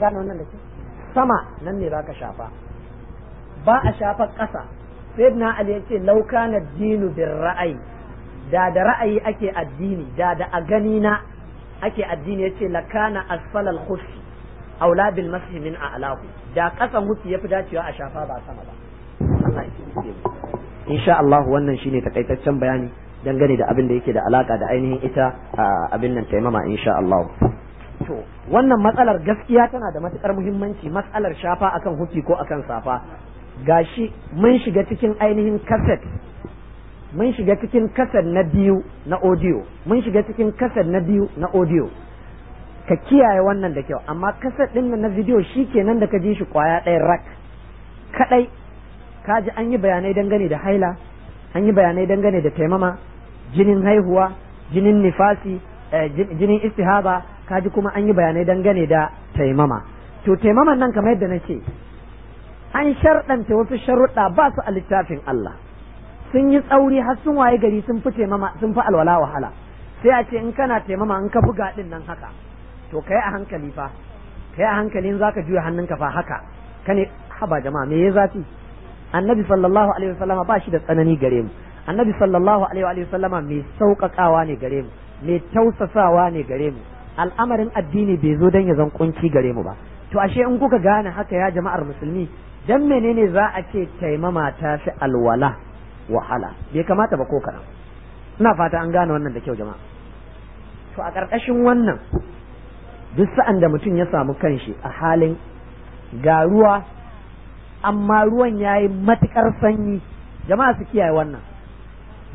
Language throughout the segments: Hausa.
gane wannan da ke sama nan ne zaka shafa ba a shafa ƙasa na ali yace law kana dinu bin ra'ayi da da ra'ayi ake addini da da a gani na ake addini yace lakana asfalal khuffi aula bil mashi min a'lahu da kasan hufi yafi dacewa a shafa ba sama ba Allah ya insha Allah wannan shine takaitaccen bayani dangane da abin da yake da alaka da ainihin ita abin nan taimama insha Allah to wannan matsalar gaskiya tana da matukar muhimmanci matsalar shafa akan huki ko akan safa gashi mun shiga cikin ainihin kaset mun shiga cikin kaset na biyu na audio mun shiga cikin kaset na biyu na odiyo. ka kiyaye wannan da kyau amma kaset din na video shikenan da ka ji shi kwaya ɗaya rak kadai ka ji an yi bayanai dangane da haila an yi bayanai dangane da taimama jinin haihuwa jinin nifasi eh, jinin istihaba kaji kuma an yi bayanai dangane da taimama to taimaman nan kamar yadda na ce an sharɗanta wasu sharuɗa ba su a littafin Allah sun yi tsauri har sun waye gari sun fi taimama sun fi alwala wahala sai a ce in kana taimama in ka buga din nan haka to kai a hankali fa kai a hankalin zaka juya hannunka fa haka ka ne haba jama'a me ya zafi annabi sallallahu alaihi wasallama ba shi da tsanani gare mu annabi sallallahu alaihi wasallama mai sauƙaƙawa ne gare mu mai tausasawa ne gare mu al'amarin addini bai zo don ya zan kunci gare mu ba to ashe in kuka gane haka ya jama'ar musulmi dan menene za a ce taimama ta shi alwala wahala bai kamata ba ko kana ina fata an gane wannan da kyau jama'a to a ƙarƙashin wannan duk sa'an da mutum ya samu kanshi a halin ga ruwa amma ruwan ya yi matuƙar sanyi jama'a su kiyaye wannan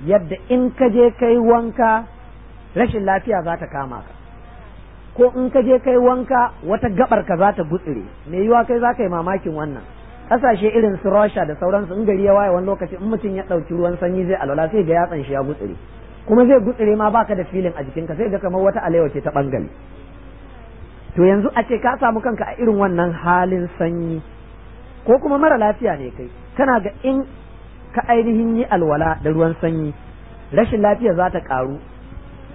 yadda in ka je kai wanka rashin lafiya za ta kama ka ko in ka je kai wanka wata gabar ka za ta gutsire me yiwa kai za ka yi mamakin wannan kasashe irin su Russia da sauransu in gari ya waye wani lokaci in mutum ya ɗauki ruwan sanyi zai alwala sai ga yatsan shi ya gutsire kuma zai gutsire ma baka da filin a jikinka sai ga kamar wata alewa ce ta bangare to yanzu a ce ka samu kanka a irin wannan halin sanyi ko kuma mara lafiya ne kai kana ga in ka ainihin yi alwala da ruwan sanyi rashin lafiya za ta karu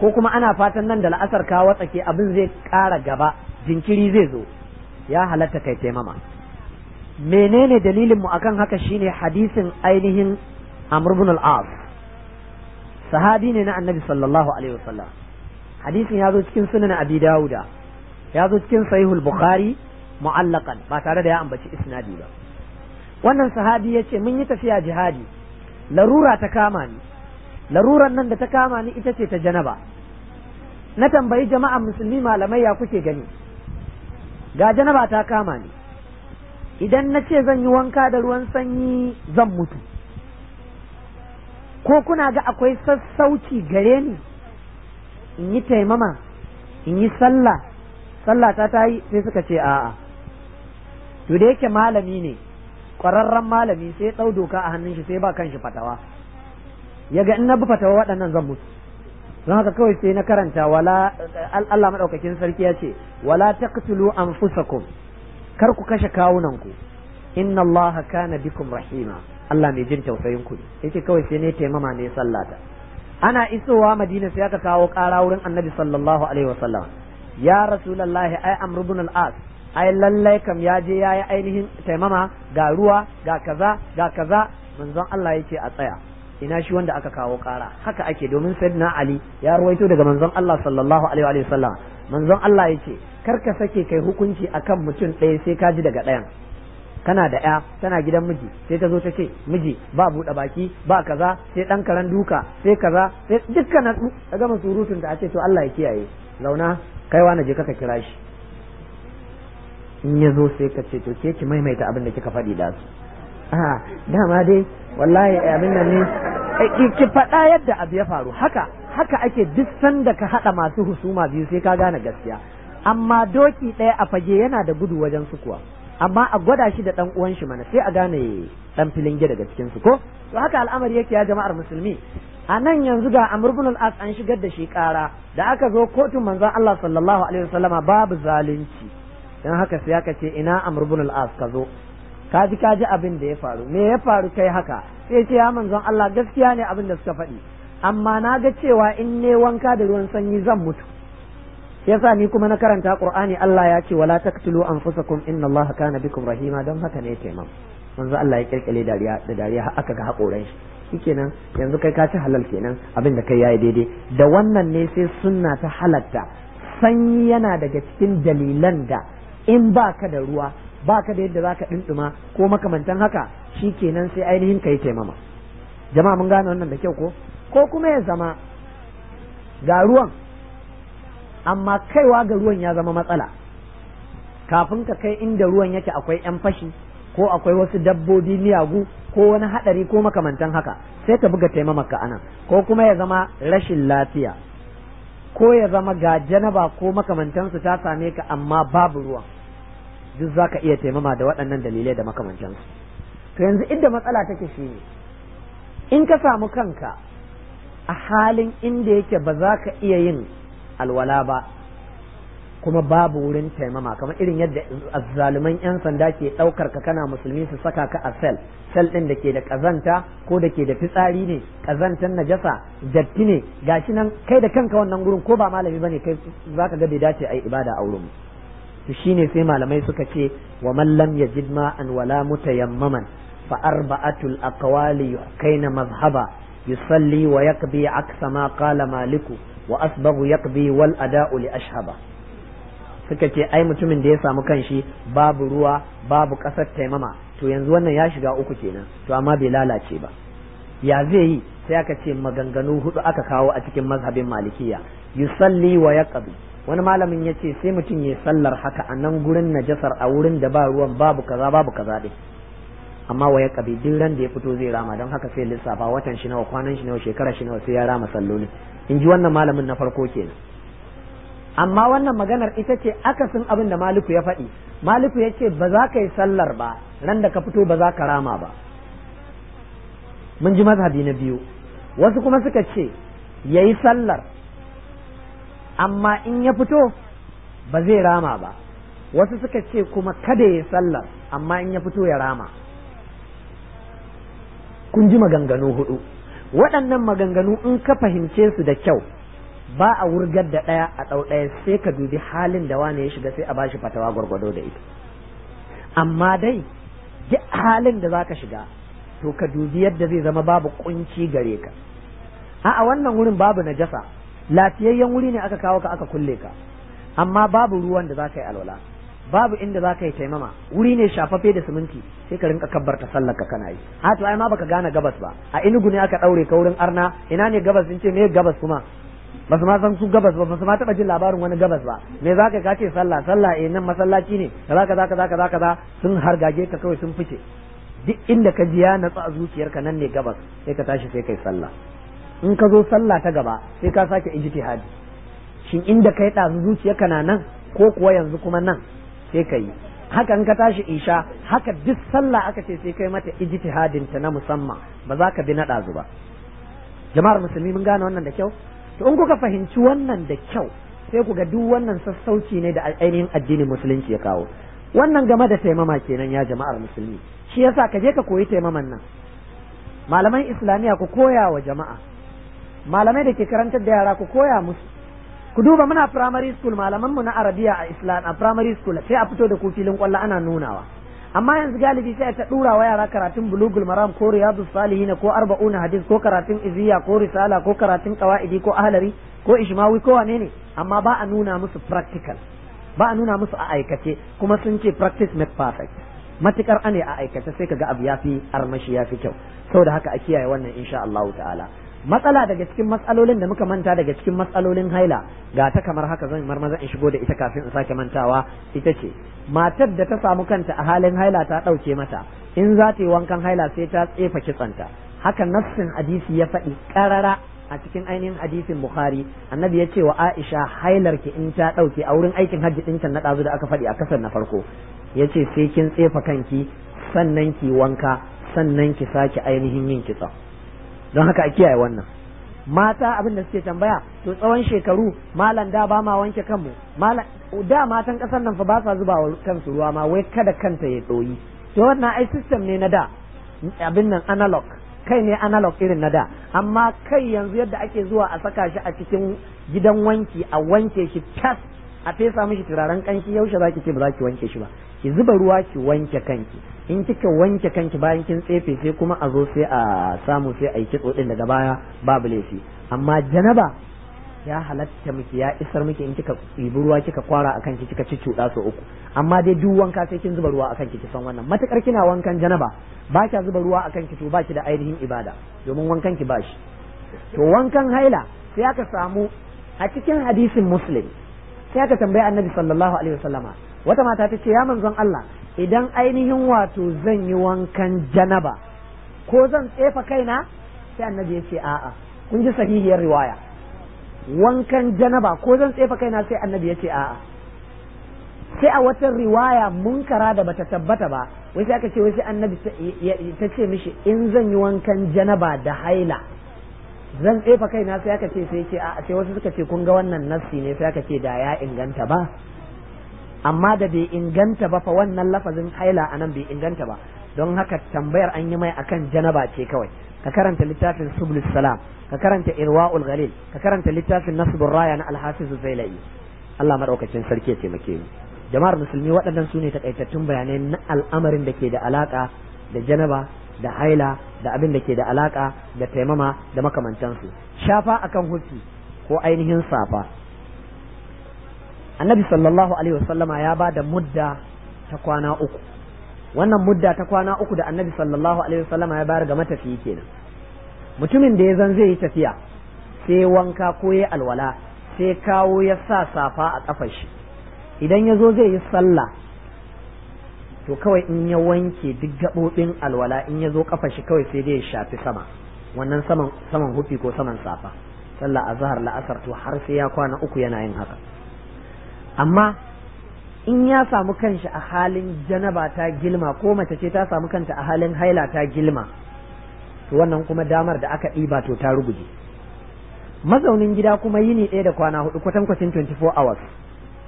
ko kuma ana fatan nan da la'asar ka watsake abin zai ƙara gaba jinkiri zai zo ya halatta kai taimama menene dalilinmu akan haka shine hadisin ainihin amr ibn al-as sahabi ne na annabi sallallahu alaihi wasallam hadisin ya zo cikin sunan abi dauda ya zo cikin sahihul bukhari mu'allaqan ba tare da ya ambaci isnadi ba wannan sahabi yace mun yi tafiya jihadi larura ta kama ni laruran nan da ta kama ni ita ce ta janaba na tambayi jama'a musulmi malamai ya kuke gani ga janaba ta kama ni idan na ce zan yi wanka da ruwan sanyi zan mutu ko kuna ga akwai sassauci gare ni in yi taimama in yi sallah sallah ta ta yi sai suka ce a'a to da yake malami ne ƙwararren malami sai ya ɗau doka a hannun shi sai ba kan shi fatawa yaga in na bi wa waɗannan zan mutu don haka kawai sai na karanta wala Allah madaukakin sarki ya ce wala taqtulu anfusakum kar ku kashe kawunan ku inna Allah kana bikum rahima Allah mai jin tausayin ku yake kawai sai ne taimama ne sallata ana isowa Madina sai aka kawo ƙara wurin Annabi sallallahu alaihi wasallam ya rasulullahi ai amr ibn al-as ai lallai kam ya je yayi ainihin taimama ga ruwa ga kaza ga kaza manzon Allah yake a tsaya ina shi wanda aka kawo kara haka ake domin sayyidina ali ya ruwaito daga manzon Allah sallallahu alaihi wa sallam manzon Allah yake kar ka sake kai hukunci akan mutum ɗaya sai ka ji daga ɗayan kana da ya tana gidan miji sai ta zo ta ce miji ba buɗe baki ba kaza sai ɗan karan duka sai kaza sai dukkan ta gama surutun ta ce to Allah ya kiyaye zauna kai na je kaka kira shi in ya zo sai ka ce to ke ki maimaita abin da kika faɗi da su a dama dai wallahi eh, abin nan ne eh, ki faɗa yadda abu ya faru haka haka ake duk sanda ka haɗa masu husuma biyu sai ka gane gaskiya amma doki ɗaya a fage yana da gudu wajen su kuwa amma a gwada shi da ɗan uwan shi mana sai a gane ɗan filin gida daga cikin su ko to haka al'amari yake ya jama'ar musulmi a nan yanzu ga a al'as an shigar da shi ƙara da aka zo kotun manzon Allah sallallahu alaihi wasallama babu zalunci dan haka sai aka ce ina a al'as ka zo ka ji ka ji abin da ya faru me ya faru kai haka sai ce ya manzon Allah gaskiya ne abin da suka faɗi amma na ga cewa in ne wanka da ruwan sanyi zan mutu yasa ni kuma na karanta qur'ani Allah ya ce wala taqtulu anfusakum inna Allah kana bikum rahima don haka ne yake manzo Allah ya kirkire dariya da dariya aka ga hakoran shi shikenan yanzu kai ka ci halal kenan abin da kai yayi daidai da wannan ne sai sunna ta halatta sanyi yana daga cikin dalilan da in baka da ruwa Ba ka da yadda za ka dinduma ko makamantan haka shi kenan sai ainihin ka yi taimama jama'a mun gane wannan da kyau ko ko kuma ya zama ga ruwan amma kaiwa ga ruwan ya zama matsala kafin ka kai inda ruwan yake akwai yan fashi ko akwai wasu dabbobi miyagu ko wani haɗari ko makamantan haka sai ka buga taimamaka anan ko kuma ya zama rashin lafiya ko ya zama ga janaba ko makamantansu ta same ka amma babu ruwan duk zaka iya taimama da waɗannan dalilai da makamantansu to yanzu inda matsala take shi ne in ka samu kanka a halin inda yake ba za ka iya yin alwala ba kuma babu wurin taimama kamar irin yadda azzaluman 'yan sanda ke ɗaukar ka kana musulmi su saka ka a sel sel ɗin da ke da ƙazanta ko da ke da fitsari ne ƙazantar najasa datti ne gashi nan kai da kanka wannan gurin ko ba malami ne kai za ka ga bai dace a yi ibada a wurin mu to shine sai malamai suka ce wa man lam yajid an wala mutayammaman fa arba'atul aqwali kaina mazhaba yusalli wa yaqbi aksa ma qala maliku wa asbaghu yaqbi wal ada'u li ashhaba suka ce ai mutumin da ya samu kanshi babu ruwa babu kasar taimama to yanzu wannan ya shiga uku kenan to amma bai lalace ba ya zai yi sai aka ce maganganu hudu aka kawo a cikin mazhabin malikiya yusalli wa yaqbi wani malamin ya ce sai mutum ya sallar haka a nan gurin najasar a wurin da ba ruwan babu kaza babu kaza ɗin amma waya kabi duk ran da ya fito zai rama don haka sai lissafa watan shi nawa kwanan shi nawa shekara shi nawa sai ya rama salloli in ji wannan malamin na farko kenan amma wannan maganar ita ce akasin abin da maliku ya faɗi maliku ya ce ba za ka yi sallar ba ran da ka fito ba za ka rama ba mun ji mazhabi na biyu wasu kuma suka ce ya yi sallar amma in ya fito ba zai rama ba wasu suka ce kuma kada ya sallar amma in ya fito ya rama kun ji maganganu hudu waɗannan maganganu in ka fahimce su da kyau ba a wurgar da ɗaya a ɗau ɗaya sai ka dubi halin da wane ya shiga sai a bashi fatawa gwargwado da ita amma dai duk halin da za ka shiga to ka dubi yadda zai zama babu kunci gare ka a wannan wurin babu najasa lafiyayyen wuri ne aka kawo ka aka kulle ka amma babu ruwan da za ka yi alwala babu inda za ka yi taimama wuri ne shafafe da siminti sai ka rinka kabbarta sallar ka kana yi a to ai ma baka gane gabas ba a inugu ne aka daure ka wurin arna ina ne gabas in ce me gabas kuma ba su ma san su gabas ba ba su ma taba jin labarin wani gabas ba me za ka ce sallah sallah eh nan masallaci ne zaka zaka zaka zaka za sun hargage ka kawai sun fice duk inda ka ji ya natsa zuciyarka nan ne gabas sai ka tashi sai kai sallah in ka zo sallah ta gaba sai ka sake ijtihadi shin inda kai ɗazu zuciya kana nan ko kuwa yanzu kuma nan sai ka yi haka in ka tashi isha haka duk sallah aka ce sai kai mata ijtihadin ta na musamman ba za ka bi na ɗazu ba jama'ar musulmi mun gane wannan da kyau to in kuka fahimci wannan da kyau sai ku ga duk wannan sassauci ne da ainihin addinin musulunci ya kawo wannan game da taimama kenan ya jama'ar musulmi shi yasa ka je ka koyi taimaman nan malaman islamiya ku koya wa jama'a malamai da ke karantar da yara ku koya musu ku duba muna primary school malaman mu na arabiya a islam a primary school sai a fito da ku filin kwallo ana nunawa amma yanzu galibi sai ta dura wa yara karatun bulugul maram ko riyadus salihin ko arba'una hadis ko karatun iziya ko risala ko karatun qawaidi ko ahlari ko ishmawi ko wane ne amma ba a nuna musu practical ba a nuna musu a aikace kuma sun ce practice make perfect matukar ane a aikace sai kaga abu yafi armashi yafi kyau saboda haka a kiyaye wannan insha Allah ta'ala matsala daga cikin matsalolin da muka manta daga cikin matsalolin haila ga ta kamar haka zan marmaza in shigo da ita kafin in sake mantawa ita ce matar da ta samu kanta a halin haila ta ɗauke mata in za ta yi wankan haila sai ta tsefa kitsanta haka nassin hadisi ya faɗi ƙarara a cikin ainihin hadisin bukhari annabi ya ce wa aisha hailar ki in ta ɗauke a wurin aikin hajji ɗinka na ɗazu da aka faɗi a kasar na farko ya ce sai kin tsefa kanki sannan ki wanka sannan ki sake ainihin yin kitsa don haka a kiyaye wannan mata abin da suke tambaya to tsawon shekaru malam da ba ma wanke kanmu malam da matan kasar nan fa ba sa zuba wa kansu ruwa ma wai kada kanta ya doyi to wannan ai system ne na da abin nan analog kai ne analog irin na da amma kai yanzu yadda ake zuwa a saka shi a cikin gidan wanki a wanke shi tas a fesa mishi turaren kanki yaushe zaki ce ba za ki wanke shi ba ki zuba ruwa ki wanke kanki in kika wanke kanki bayan kin tsefe sai kuma a zo sai a samu sai a yi kitso din daga baya babu laifi amma janaba ya halatta miki ya isar miki in kika ibi ruwa kika kwara akan ki kika cicuɗa su uku amma dai duk wanka sai kin zuba ruwa akan ki san wannan matakar kina wankan janaba ba kya zuba ruwa akan ki to ba ki da ainihin ibada domin wankan ki bashi to wankan haila sai aka samu a cikin hadisin muslim sai aka tambayi annabi sallallahu alaihi wasallama wata mata ta ce ya manzon Allah idan ainihin wato zan yi wankan janaba ko zan tsefa kaina sai annabi ya ce a'a kun ji sahihiyar riwaya wankan janaba ko zan tsefa kaina sai annabi ya ce a'a sai a wata riwaya munkara da bata tabbata ba wai sai aka ce wai sai annabi ta ce mishi in zan yi wankan janaba da haila zan tsefa kaina sai aka ce sai ce a'a sai wasu suka ce kun ga wannan nassi ne sai aka ce da ya inganta ba amma da bai inganta ba fa wannan lafazin haila a nan bai inganta ba don haka tambayar an yi mai akan janaba ce kawai ka karanta littafin sublis salam ka karanta irwaul ghalil ka karanta littafin nasbur raya na alhafiz zailai Allah madaukakin sarki ya taimake mu jama'ar musulmi waɗannan su ne takaitattun bayanai na al'amarin da ke da alaƙa da janaba da haila da abin da ke da alaƙa da taimama da makamantansu shafa akan hutu ko ainihin safa annabi sallallahu alaihi wasallama ya ba da mudda ta kwana uku wannan mudda ta kwana uku da annabi sallallahu alaihi wasallama ya bayar ga matafiyi kenan mutumin da ya zan zai yi tafiya sai wanka ko ya alwala sai kawo ya sa safa a kafar shi idan ya zo zai yi sallah to kawai in ya wanke duk gaɓoɓin alwala in ya zo kafar shi kawai sai dai ya shafi sama wannan saman saman hufi ko saman safa sallah azhar la'asar to har sai ya kwana uku yana yin haka amma in ya samu kanshi a halin janaba ta gilma ko mace ce ta samu kanta a halin haila ta gilma to wannan kuma damar da aka ɗiba to ta ruguje mazaunin gida kuma yini ɗaya da kwana hudu kwatan kwatankwacin 24 hours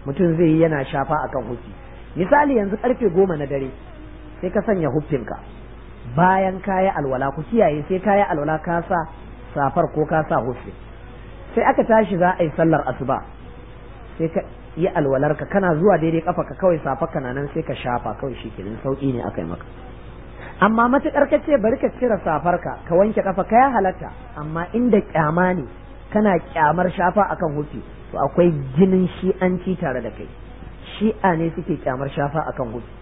mutum zai yi yana shafa a kan hufi misali yanzu karfe goma na dare sai ka sanya hufinka bayan kayi alwala ku kiyaye sai kayi alwala ka sa safar ko ka sa hufi sai aka tashi za a yi sallar asuba sai ka yi alwalarka kana zuwa daidai kafa ka kawai safa kana nan sai ka shafa kawai shi kenan sauki ne akai maka amma matukar ka ce bari ka cire safarka ka wanke kafa ka ya halatta amma inda kyama ne kana kyamar shafa akan hufi to akwai jinin shi'anci tare da kai shi'a ne suke kyamar shafa akan hufi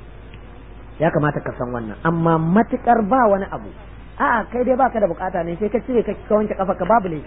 ya kamata ka san wannan amma matukar ba wani abu a'a kai dai baka da bukata ne sai ka cire ka wanke kafa ka babu ne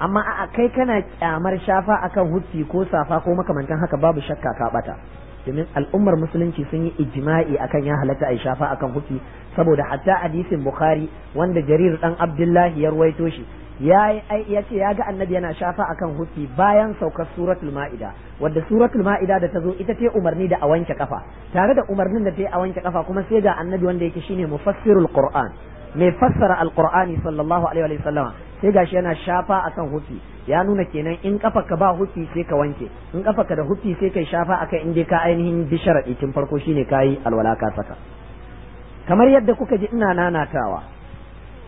amma a kai kana kyamar shafa akan huffi ko safa ko makamantan haka babu shakka ka bata domin al'ummar musulunci sun yi ijma'i akan ya halatta ai shafa akan huffi saboda hatta hadisin bukhari wanda jarir dan abdullahi ya ruwaito shi ya ce ya ga annabi yana shafa akan huffi bayan saukar suratul ma'ida wadda suratul ma'ida da ta zo ita ta umarni da a wanke kafa tare da umarnin da ta a wanke kafa kuma sai ga annabi wanda yake shine mufassirul qur'an mai fassara alqur'ani sallallahu alaihi wa sallama sai gashi yana shafa akan hufi ya nuna kenan in kafa ka ba hufi sai ka wanke in kafa ka da hufi sai kai shafa akan in ka ainihin bi sharadi tun farko shine kayi alwala ka saka kamar yadda kuka ji ina nanatawa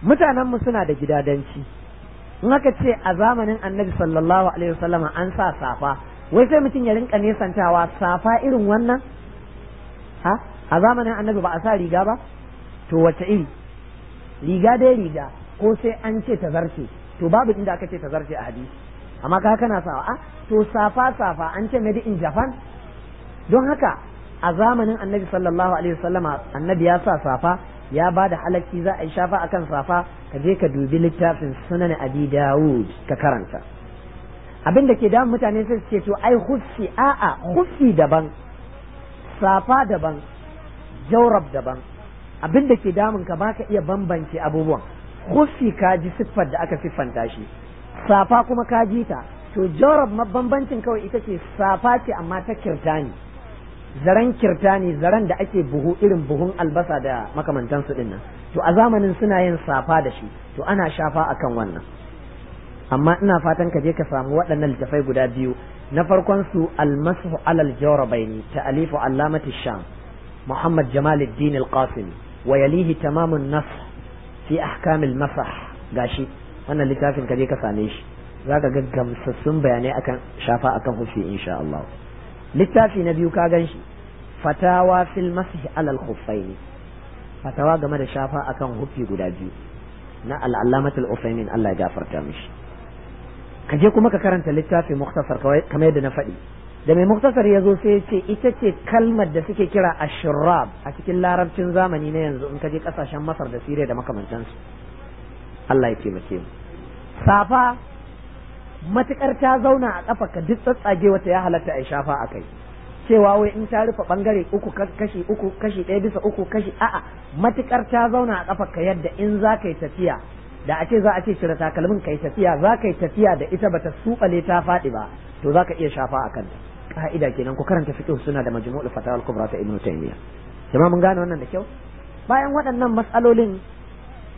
mutanen mu suna da gidadanci in aka ce a zamanin annabi sallallahu alaihi wasallam an sa safa wai sai mutum ya rinka nesantawa safa irin wannan ha a zamanin annabi ba a sa riga ba to wace iri riga dai riga ko sai an ce ta zarce to babu inda aka ce ta zarce a hadisi amma ka kana sawa a to safa safa an ce made in japan don haka a zamanin annabi sallallahu alaihi wasallama annabi ya sa safa ya ba da halakci za a yi shafa akan safa ka je ka dubi littafin sunan abi dawud ka karanta abin da ke damun mutane sai su ce to ai a a'a hufi daban safa daban jaurab daban abin da ke damun ka baka iya bambance abubuwan hufi ka ji siffar da aka siffanta shi safa kuma ka ji ta to jorab bambancin kawai ita ce safa ce amma ta kirtani zaren kirtani zaren da ake buhu irin buhun albasa da makamantansu din nan to a zamanin suna yin safa da shi to ana shafa akan wannan amma ina fatan ka je ka samu waɗannan littafai guda biyu na farkon su almasu alal ne ta alifu allamati sham muhammad jamaluddin alqasimi wa yalihi tamamun nasr fi ahkamil masah gashi wannan littafin ka je ka same shi zaka ga gamsassun bayanai akan shafa akan hufi insha Allah littafi na biyu ka gan shi fatawa fil masih alal khuffaini fatawa game da shafa akan hufi guda biyu na al-allamatul usaimin Allah ya gafarta mishi ka je kuma ka karanta littafi muktasar kamar yadda na faɗi da mai muktasar ya zo sai ya ce ita ce kalmar da suke kira shirab a cikin larabcin zamani na yanzu in ka je kasashen masar da siriya da makamantansu Allah ya taimake mu safa matukar ta zauna a kafa ka duk tsatsage wata ya halatta a shafa a kai cewa wai in ta rufe bangare uku kashi uku kashi ɗaya bisa uku kashi a'a matukar ta zauna a kafa ka yadda in za ka yi tafiya da a ce za a ce cire takalmin ka yi tafiya za ka yi tafiya da ita bata suɓale ta faɗi ba to za ka iya shafa a kanta ka'ida kenan ku karanta fiqh suna da majmu'ul fatawa al-kubra ta ibnu taymiya jama'a mun gane wannan da kyau bayan waɗannan matsalolin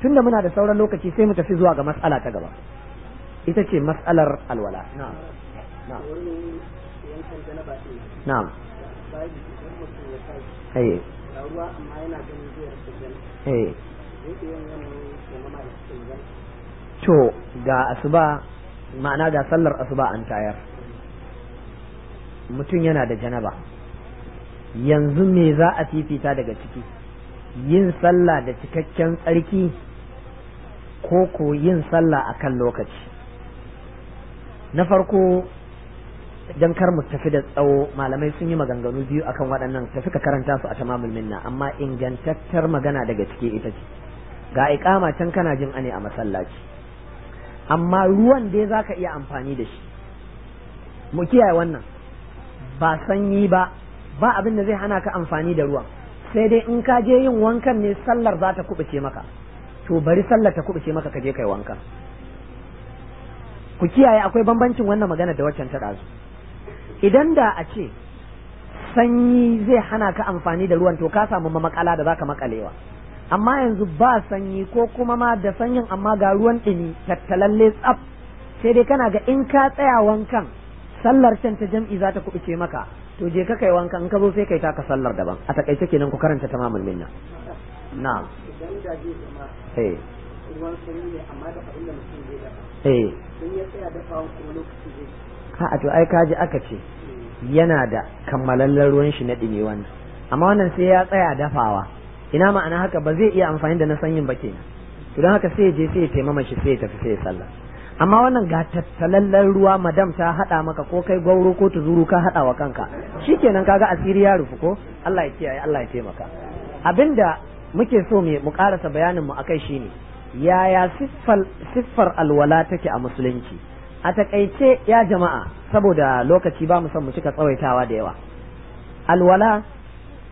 tunda muna da sauran lokaci sai mu tafi zuwa ga matsala ta gaba ita ce matsalar alwala na'am na'am eh eh to ga asuba ma'ana ga sallar asuba an tayar mutum yana da janaba yanzu me za a fifita daga ciki yin sallah da cikakken tsarki ko ko yin sallah a kan lokaci na farko don kar mu tafi da tsawo malamai sun yi maganganu biyu akan waɗannan tafi ka karanta su a tamamul minna amma ingantattar magana daga ciki ita ce ga iƙama can kana jin ane a masallaci amma ruwan dai za ka iya amfani da shi mu kiyaye wannan ba sanyi ba ba abin da zai hana ka amfani da ruwan sai dai in ka je yin wankan ne sallar za ta kubuce maka to bari sallar ta kubuce maka ka je kai wanka ku kiyaye akwai bambancin wannan magana da waccan ta ɗazu idan da a ce sanyi zai hana ka amfani da ruwan to ka samu mamakala da zaka makalewa amma yanzu ba sanyi ko kuma ma da sanyin amma ga ruwan ɗumi tattalalle tsaf sai dai kana ga in ka tsaya wankan sallar shan ta jam'i za ta kuɓuce maka to je ka kai wanka in ka zo sai kai taka sallar daban a takaice kenan ku karanta tamamul minna na'am eh ruwan sanyi ne amma da da mutum zai dafa eh sun ya tsaya kuma lokaci zai ha to ai kaji aka ce yana da kammalallen ruwan shi na ɗime wannan amma wannan sai ya tsaya dafawa ina ma'ana haka ba zai iya amfani da na sanyin ba kenan to don haka sai ya je sai ya taimama shi sai ya tafi sai ya sallar amma wannan ga tattalallen ruwa madam ta haɗa maka ko kai gwauro ko tuzuru ka haɗa wa kanka shi shikenan kaga asiri ya rufu ko Allah ya kiyaye Allah ya taimaka abinda muke so mu mu karasa bayanin mu akai shine yaya siffar siffar alwala take a musulunci a takaice ya jama'a saboda lokaci ba mu san mu cika tsawaitawa da yawa alwala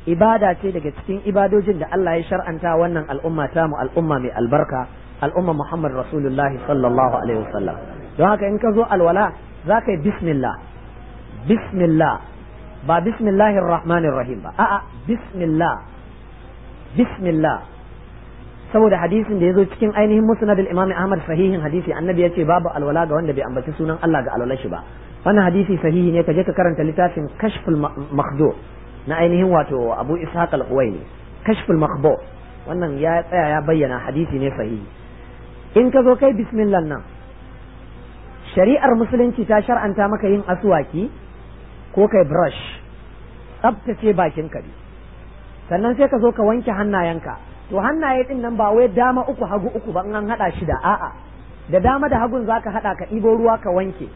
ibada ce daga cikin ibadojin da Allah ya shar'anta wannan al'umma ta mu al'umma mai albarka al'umma Muhammad Rasulullah sallallahu alaihi wasallam don haka in ka zo alwala za ka yi bismillah bismillah ba bismillahir rahmanir rahim ba a'a bismillah bismillah saboda hadisin da ya zo cikin ainihin musnad al-imam Ahmad sahihin hadisi annabi ya ce babu alwala ga wanda bai ambaci sunan Allah ga alwalar shi ba wannan hadisi sahihi ne kaje ka karanta littafin kashful makhdu na ainihin wato Abu Ishaq al-Huwaini kashful makhdu wannan ya tsaya ya bayyana hadisi ne sahihi in ka zo kai bismillah nan shari'ar musulunci ta shar'anta maka yin asuwaki ko kai brush tsabtace bakin ka sannan sai ka zo ka wanke hannayenka to hannaye din nan ba wai dama uku hagu uku ba in an hada shi da a'a da dama da hagun zaka hada ka ibo ruwa ka wanke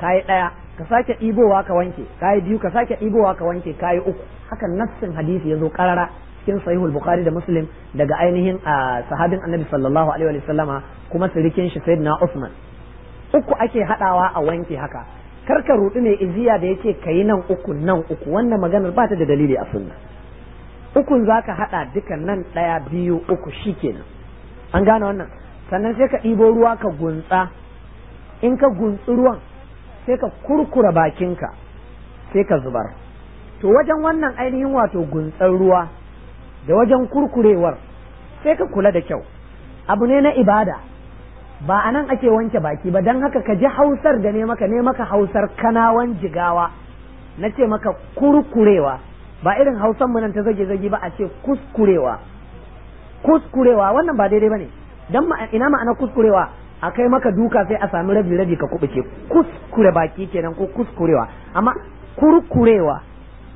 kai daya ka sake ibowa ka wanke kai biyu ka sake ibowa ka wanke kai uku hakan nassin hadisi yazo karara cikin sahihul bukhari da muslim daga ainihin a sahabin annabi sallallahu alaihi wa sallama kuma sirikin shi sayyidina usman uku ake hadawa a wanke haka karka rudu ne iziya da yace kai nan uku nan uku wannan maganar ba ta da dalili a sunna ukun zaka hada duka nan daya biyu uku shikenan an gane wannan sannan sai ka ɗibo ruwa ka gunsa in ka guntsi ruwan sai ka kurkura bakinka sai ka zubar to wajen wannan ainihin wato guntsan ruwa da wajen kurkurewar sai ka kula da kyau abu ne na ibada ba a nan ake wanke baki ba don haka ka ji hausar da ne maka ne maka hausar kanawan jigawa na ce maka kurkurewa ba irin hausar mu nan ta zage zage ba a ce kuskurewa kuskurewa wannan ba daidai ba ne don ina ma'ana kuskurewa a kai maka duka sai a sami rabi rabi ka kubuce kuskure baki kenan ko kuskurewa amma kurkurewa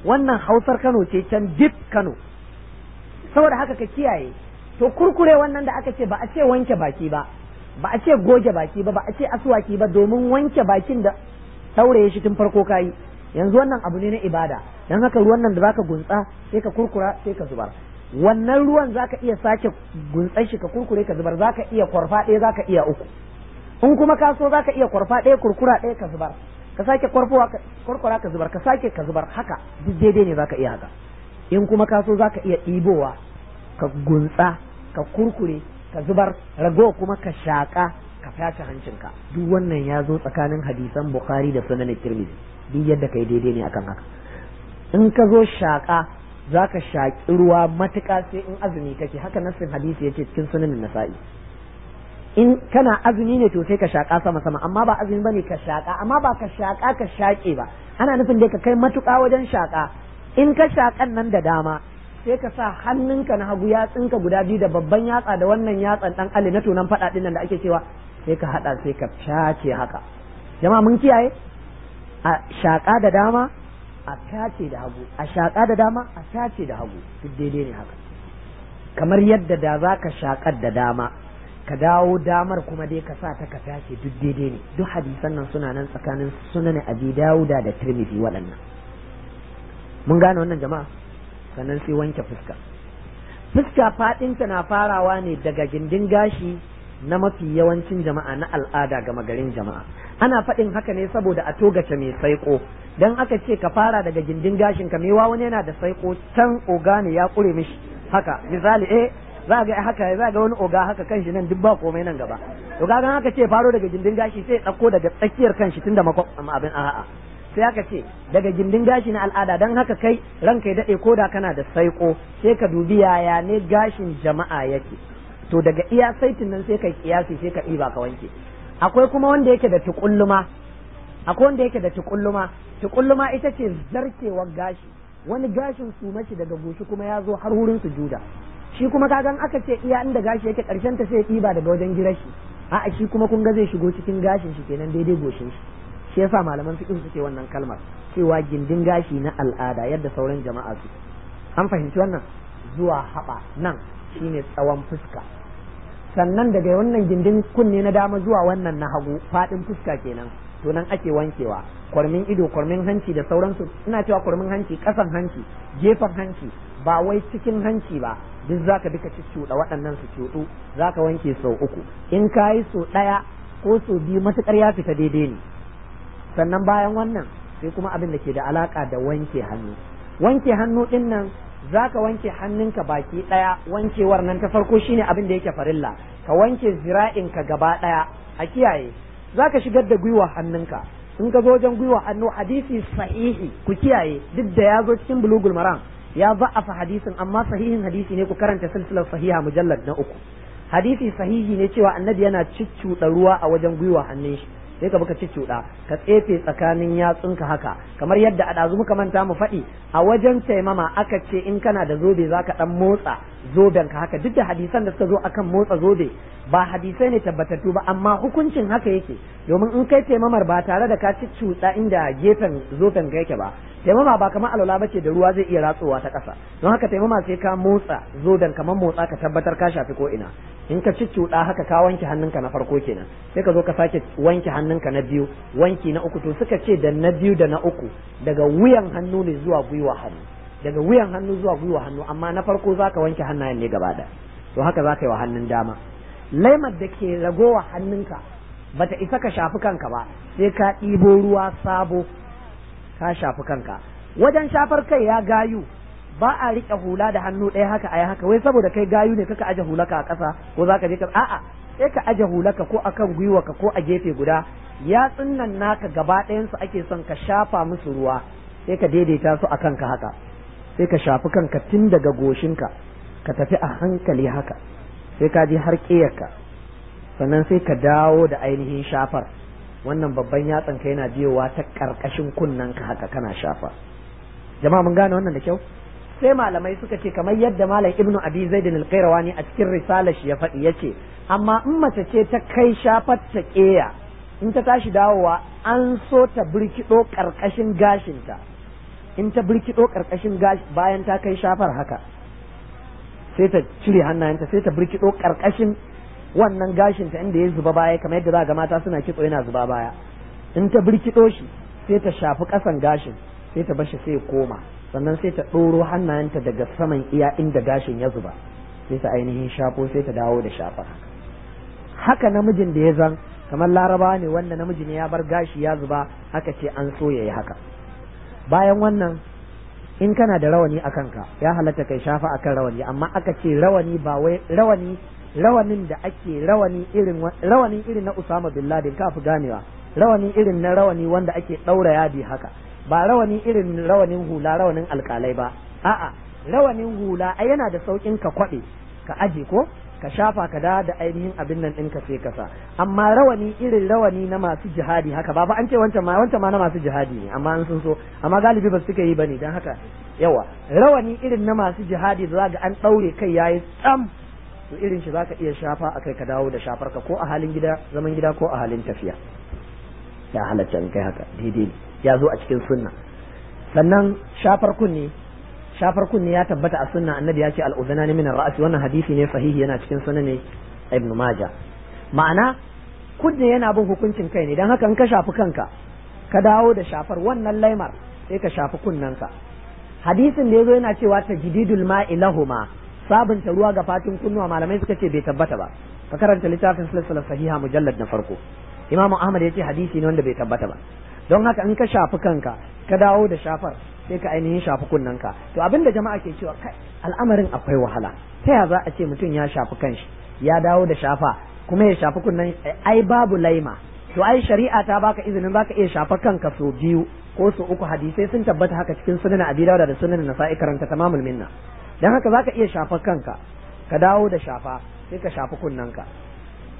wannan hausar Kano ce can dip Kano saboda haka ka kiyaye to kurkure wannan da aka ce ba a ce wanke baki ba ba a ce goge baki ba ba a ce asuwaki ba domin wanke bakin da sauraye shi tun farko kayi yanzu wannan abu ne na ibada dan haka ruwan nan da zaka gunsa sai ka kurkura sai ka zubar wannan ruwan zaka iya sake guntsan shi ka kurkure ka zubar zaka iya kwarfa ɗaya zaka iya uku in kuma ka so zaka iya kwarfa ɗaya kurkura ɗaya ka zubar ka sake kwarfowa ka kurkura ka zubar ka sake ka zubar haka duk daidai ne zaka iya haka in kuma ka so ka iya ɗibowa ka gunsa ka kurkure ka zubar rago kuma ka shaƙa ka hancin hancinka duk wannan ya zo tsakanin hadisan bukhari da sunan tirmidhi duk yadda kai daidai ne akan haka in ka zo shaƙa za ka shaƙi ruwa matuƙa sai in azumi kake haka nassin hadisi yace cikin sunanin nasa'i in kana azumi ne to sai ka shaƙa sama sama amma ba azumi bane ka shaƙa amma ba ka shaƙa ka shaƙe ba ana nufin da ka kai matuƙa wajen shaƙa in ka shaƙan nan da dama sai ka sa hannunka na hagu yatsunka guda biyu da babban yatsa da wannan yatsan dan ali na tunan faɗa nan da ake cewa sai ka haɗa sai ka cace haka jama'a mun kiyaye a shaƙa da dama a cace da hagu a shaƙa da dama a cace da hagu duk daidai ne haka kamar yadda da za ka shaƙar da dama ka dawo damar kuma dai ka sa ta ka tashi duk daidai ne duk hadisan nan suna nan tsakanin sunan abi dawuda da tirmidhi waɗannan mun gane wannan jama'a sannan sai wanke fuska fuska ta na farawa ne daga gindin gashi na mafi yawancin jama'a na al'ada ga magarin jama'a ana faɗin haka ne saboda a togace mai saiko dan aka ce ka fara daga gindin gashin ka mewa wani yana da saiko can oga ne ya ƙure mishi haka misali eh za ga haka za ga wani oga haka kanshi nan duk ba komai nan gaba to ga haka ce faro daga gindin gashi sai ya daga tsakiyar kanshi tunda makon abin a'a sai aka ce daga gindin gashi na al'ada don haka kai ranka ya daɗe ko da kana da saiko sai ka dubi yaya ne gashin jama'a yake to daga iya saitin nan sai ka kiyasi sai ka ɗiba ka wanke akwai kuma wanda yake da tukulluma akwai wanda yake da tukulluma tukulluma ita ce zarkewar gashi wani gashin su mace daga goshi kuma ya zo har wurin sujuda shi kuma kagan aka ce iya inda gashi yake karshen ta sai ɗiba daga wajen girashi a'a shi kuma kun ga zai shigo cikin gashin shi kenan daidai goshin shi shi yasa malaman fiqh suke wannan kalmar cewa gindin gashi na al'ada yadda sauran jama'a su an fahimci wannan zuwa haɓa nan shine tsawon fuska sannan daga wannan gindin kunne na dama zuwa wannan na hagu faɗin fuska kenan to nan ake wankewa kwarmin ido kwarmin hanci da sauransu ina cewa kwarmin hanci kasan hanci gefen hanci ba wai cikin hanci ba duk zaka duka ci cuɗa waɗannan su cuɗu zaka wanke sau uku in kayi yi sau ɗaya ko sau biyu matuƙar ya fita daidai ne sannan bayan wannan sai kuma abin da ke da alaka da wanke hannu wanke hannu din nan ka wanke hannunka baki ɗaya wankewar nan ta farko shine abin da yake farilla ka wanke zira'inka gaba ɗaya a kiyaye ka shigar da gwiwa hannunka in ka zo wajen gwiwa hannu hadisi sahihi ku kiyaye duk da ya zo cikin bulugul maram ya za'afa hadisin amma sahihin hadisi ne ku karanta silsilar sahiha mujallad na uku hadisi sahihi ne cewa annabi yana cuccuɗa ruwa a wajen gwiwa hannun shi sai ka buka cuɗa ka tsefe tsakanin yatsunka haka kamar yadda a ɗazu muka manta mu faɗi a wajen taimama aka ce in kana da zobe zaka ɗan motsa zoben ka haka duk da hadisan da suka zo akan motsa zobe ba hadisai ne tabbatattu ba amma hukuncin haka yake domin in kai taimamar ba tare da ka ci cuta inda gefen zoben ka yake ba taimama ba kamar alwala bace da ruwa zai iya ratsowa ta ƙasa don haka taimama sai ka motsa zoben kamar motsa ka tabbatar ka shafi ko ina in ka ci cuta haka ka wanke hannunka na farko kenan sai ka zo ka sake wanke hannunka na biyu wanki na uku to suka ce da na biyu da na uku daga wuyan hannu ne zuwa gwiwa hannu daga wuyan hannu zuwa gwiwa hannu amma na farko za ka wanke hannayen ne gaba da to haka za ka yi wa hannun dama laimar da ke ragowa hannunka ba ta isa ka shafi kanka ba sai ka ɗibo ruwa sabo ka shafi kanka wajen shafar kai ya gayu ba a riƙe hula da hannu ɗaya haka a haka wai saboda kai gayu ne kaka aje hulaka a ƙasa ko za ka je ka a'a sai ka aje ka ko a kan gwiwa ka ko a gefe guda ya tsinnan naka gaba ɗayansu ake son ka shafa musu ruwa sai ka daidaita su a kanka haka sai ka shafi kanka tun daga goshinka ka tafi a hankali haka sai ka ji har ƙiyarka sannan sai ka dawo da ainihin shafar wannan babban yatsan ka yana biyowa ta ƙarƙashin kunnanka haka kana shafa jama'a mun gane wannan da kyau sai malamai suka ce kamar yadda malam ibnu abi zaidin al-qayrawani a cikin risalar shi ya faɗi yace amma in mace ce ta kai shafar ta ƙeya in ta tashi dawowa an so ta birkido ƙarƙashin gashinta in ta birkido karkashin gashi bayan ta kai shafar haka sai ta cire hannayenta sai ta birkido karkashin wannan gashin ta inda ya zuba baya kamar yadda za ga mata suna kitso yana zuba baya in ta birkido shi sai ta shafi kasan gashin sai ta bashi sai koma sannan sai ta ɗoro hannayenta daga saman iya inda gashin ya zuba sai ta ainihin shafo sai ta dawo da shafar haka namijin da ya zan kamar Larabawa ne wanda namiji ne ya bar gashi ya zuba haka ce an so ya yi haka bayan wannan in kana da rawani a kanka ya halatta kai shafa akan rawani amma aka ce rawani ba wai rawani rawanin da ake rawani irin rawani irin na Usama bin Laden ka fi ganewa rawani irin na rawani wanda ake daura yadi haka ba rawani irin rawanin hula rawanin alkalai ba a'a rawanin hula ai yana da saukin ka kwabe ka aje ko ka shafa ka da da ainihin abin nan ka sai ka sa amma rawani irin rawani na masu jihadi haka ba an ce wancan ma na masu jihadi ne amma an sun so amma galibi ba suka yi bane dan haka yawa rawani irin na masu jihadi za ga an ɗaure kai yayi tsam to irin shi za ka iya shafa akai ka dawo da shafarka ko a halin gida zaman gida ko a halin tafiya ya halatta kai haka daidai ya zo a cikin sunna sannan shafar kunne shafar kunni ya tabbata a sunna annabi ya ce al'udana ne minan ra'asi wannan hadisi ne sahihi yana cikin sunan ne ibnu maja ma'ana kunne yana bin hukuncin kai ne dan haka in ka shafi kanka ka dawo da shafar wannan laimar sai ka shafi kunnanka hadisin da yazo yana cewa jididul ma'i lahuma sabunta ruwa ga fatin kunnuwa malamai suka ce bai tabbata ba ka karanta littafin silsilar sahiha mujallad na farko imamu ahmad ya ce hadisi ne wanda bai tabbata ba don haka in ka shafi kanka ka dawo da shafar sai ka ainihin shafi kunnanka to abin da jama'a ke cewa kai al'amarin akwai wahala ta ya za a ce mutum ya shafi kanshi ya dawo da shafa kuma ya shafi kunnan eh, ai babu laima to ai shari'a ta baka izinin zaka iya shafa kanka so biyu ko so uku hadisai sun tabbata haka cikin sunan abi dawud da sunan nasa'i karanta tamamul minna dan haka zaka iya shafa kanka ka dawo da shafa sai ka shafi kunnanka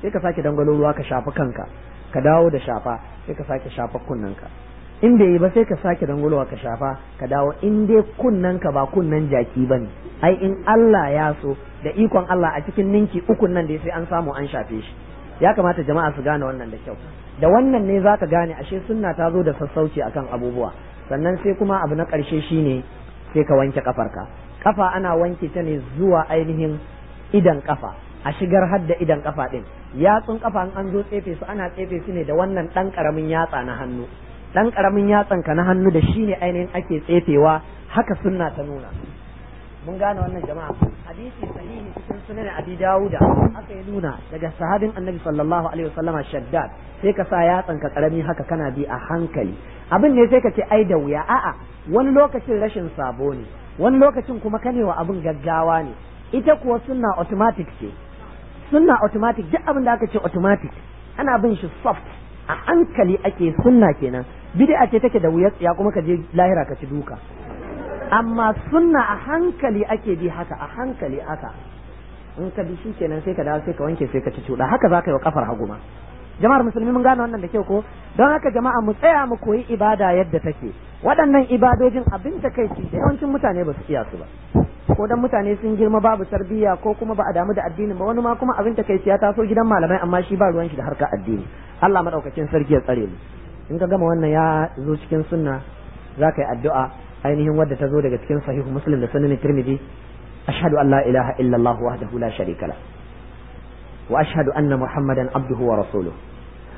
sai ka sake dangalo ruwa ka shafi kanka ka dawo da shafa sai ka sake shafa kunnanka in bai yi ba sai ka sake dangulowa ka shafa ka dawo in dai kunnen ka ba kunnen jaki ba ne. ai in Allah ya so da ikon Allah a cikin ninki ukun nan da sai an samu an shafe shi ya kamata jama'a su gane wannan da kyau da wannan ne zaka gane ashe sunna ta zo da sassauci akan abubuwa sannan sai kuma abu na karshe shine sai ka wanke kafarka kafa ana wanke ta ne zuwa ainihin idan kafa a shigar har da idan kafa din yatsun kafa an zo tsefe su ana tsefe su ne da wannan dan karamin yatsa na hannu dan karamin yatsan ka na hannu da shine ainihin ake tsefewa haka sunna ta nuna mun gane wannan jama'a hadisi sahihi cikin sunan abi dauda aka yi nuna daga sahabin annabi sallallahu alaihi wasallam shaddad sai ka sa ka karami haka kana bi a hankali abin ne sai ka ce ai da wuya a'a wani lokacin rashin sabo ne wani lokacin kuma kanewa abin gaggawa ne ita kuwa sunna automatic ce sunna automatic duk abin da aka ce automatic ana bin shi soft a hankali ake sunna kenan bid'a ce take da wuyar ya kuma ka je lahira ka ci duka amma sunna a hankali ake bi haka a hankali haka in ka bi shi kenan sai ka dawo sai ka wanke sai ka ci cuɗa haka za ka yi wa kafar haguma. jama'ar musulmi mun gane wannan da kyau ko don haka jama'a mu tsaya mu koyi ibada yadda take waɗannan ibadojin abin da kai ci yawancin mutane ba su iya su ba ko dan mutane sun girma babu tarbiyya ko kuma ba a damu da addinin ba wani ma kuma abin da kai ya taso gidan malamai amma shi ba ruwan shi da harkar addini Allah madaukakin sarki ya tsare mu in ka gama wannan ya zo cikin sunna za ka yi addu'a ainihin wadda ta zo daga cikin sahihu muslim da sunan tirmidhi ashhadu an la ilaha illallah wahdahu la sharika la wa ashhadu anna muhammadan abduhu wa rasuluhu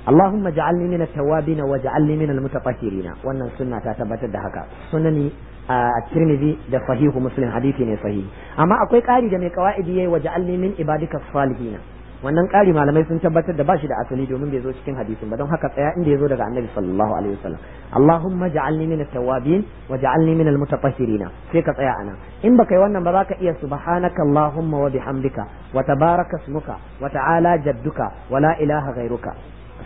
اللهم اجعلني من التوابين واجعلني من المتطهرين wannan sunna ta tabbatar da haka sunani a Tirmidhi da sahihu Muslim hadisi ne sahihi amma akwai ƙari da mai kawaidi yayi waj'alni min ibadika salihina wannan ƙari malamai sun tabbatar da bashi da asali domin bai zo cikin hadisin ba don haka tsaya inda ya zo daga annabi sallallahu alaihi wasallam Allahumma ja'alni min at-tawwabin wa ja'alni min al-mutatahhirin sai ka tsaya anan in baka yi wannan ba za ka iya subhanaka Allahumma wa bihamdika wa tabaraka ismuka wa ta'ala jadduka wa la ilaha ghairuka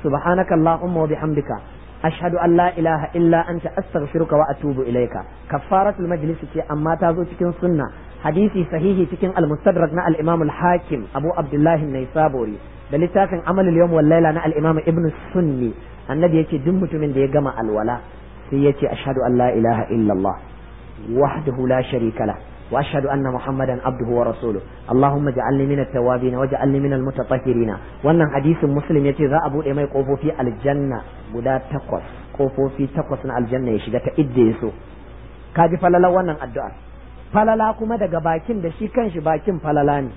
subhanaka Allahumma wa bihamdika أشهد أن لا إله إلا أنت أستغفرك وأتوب إليك كفارة المجلس amma ta zo cikin سنة hadisi sahihi cikin al-mustadrak na al hakim abu abdullahi an-naisaburi da littafin amal al-yawm na al-imam ibn sunni annabi yace duk mutumin da ya gama alwala sai yace ashhadu an la ilaha illallah wahdahu la sharika lahu وأشهد أن محمدا عبده ورسوله اللهم اجعلني من التوابين واجعلني من المتطهرين وأن حديث مسلم يتي ذا أبو إما يقوفو في الجنة بدا تقوس قوفو في تقوس الجنة يشجع تإديسو كاجي فلا لو أن الدعاء falala kuma daga bakin da shi kanshi bakin falala ne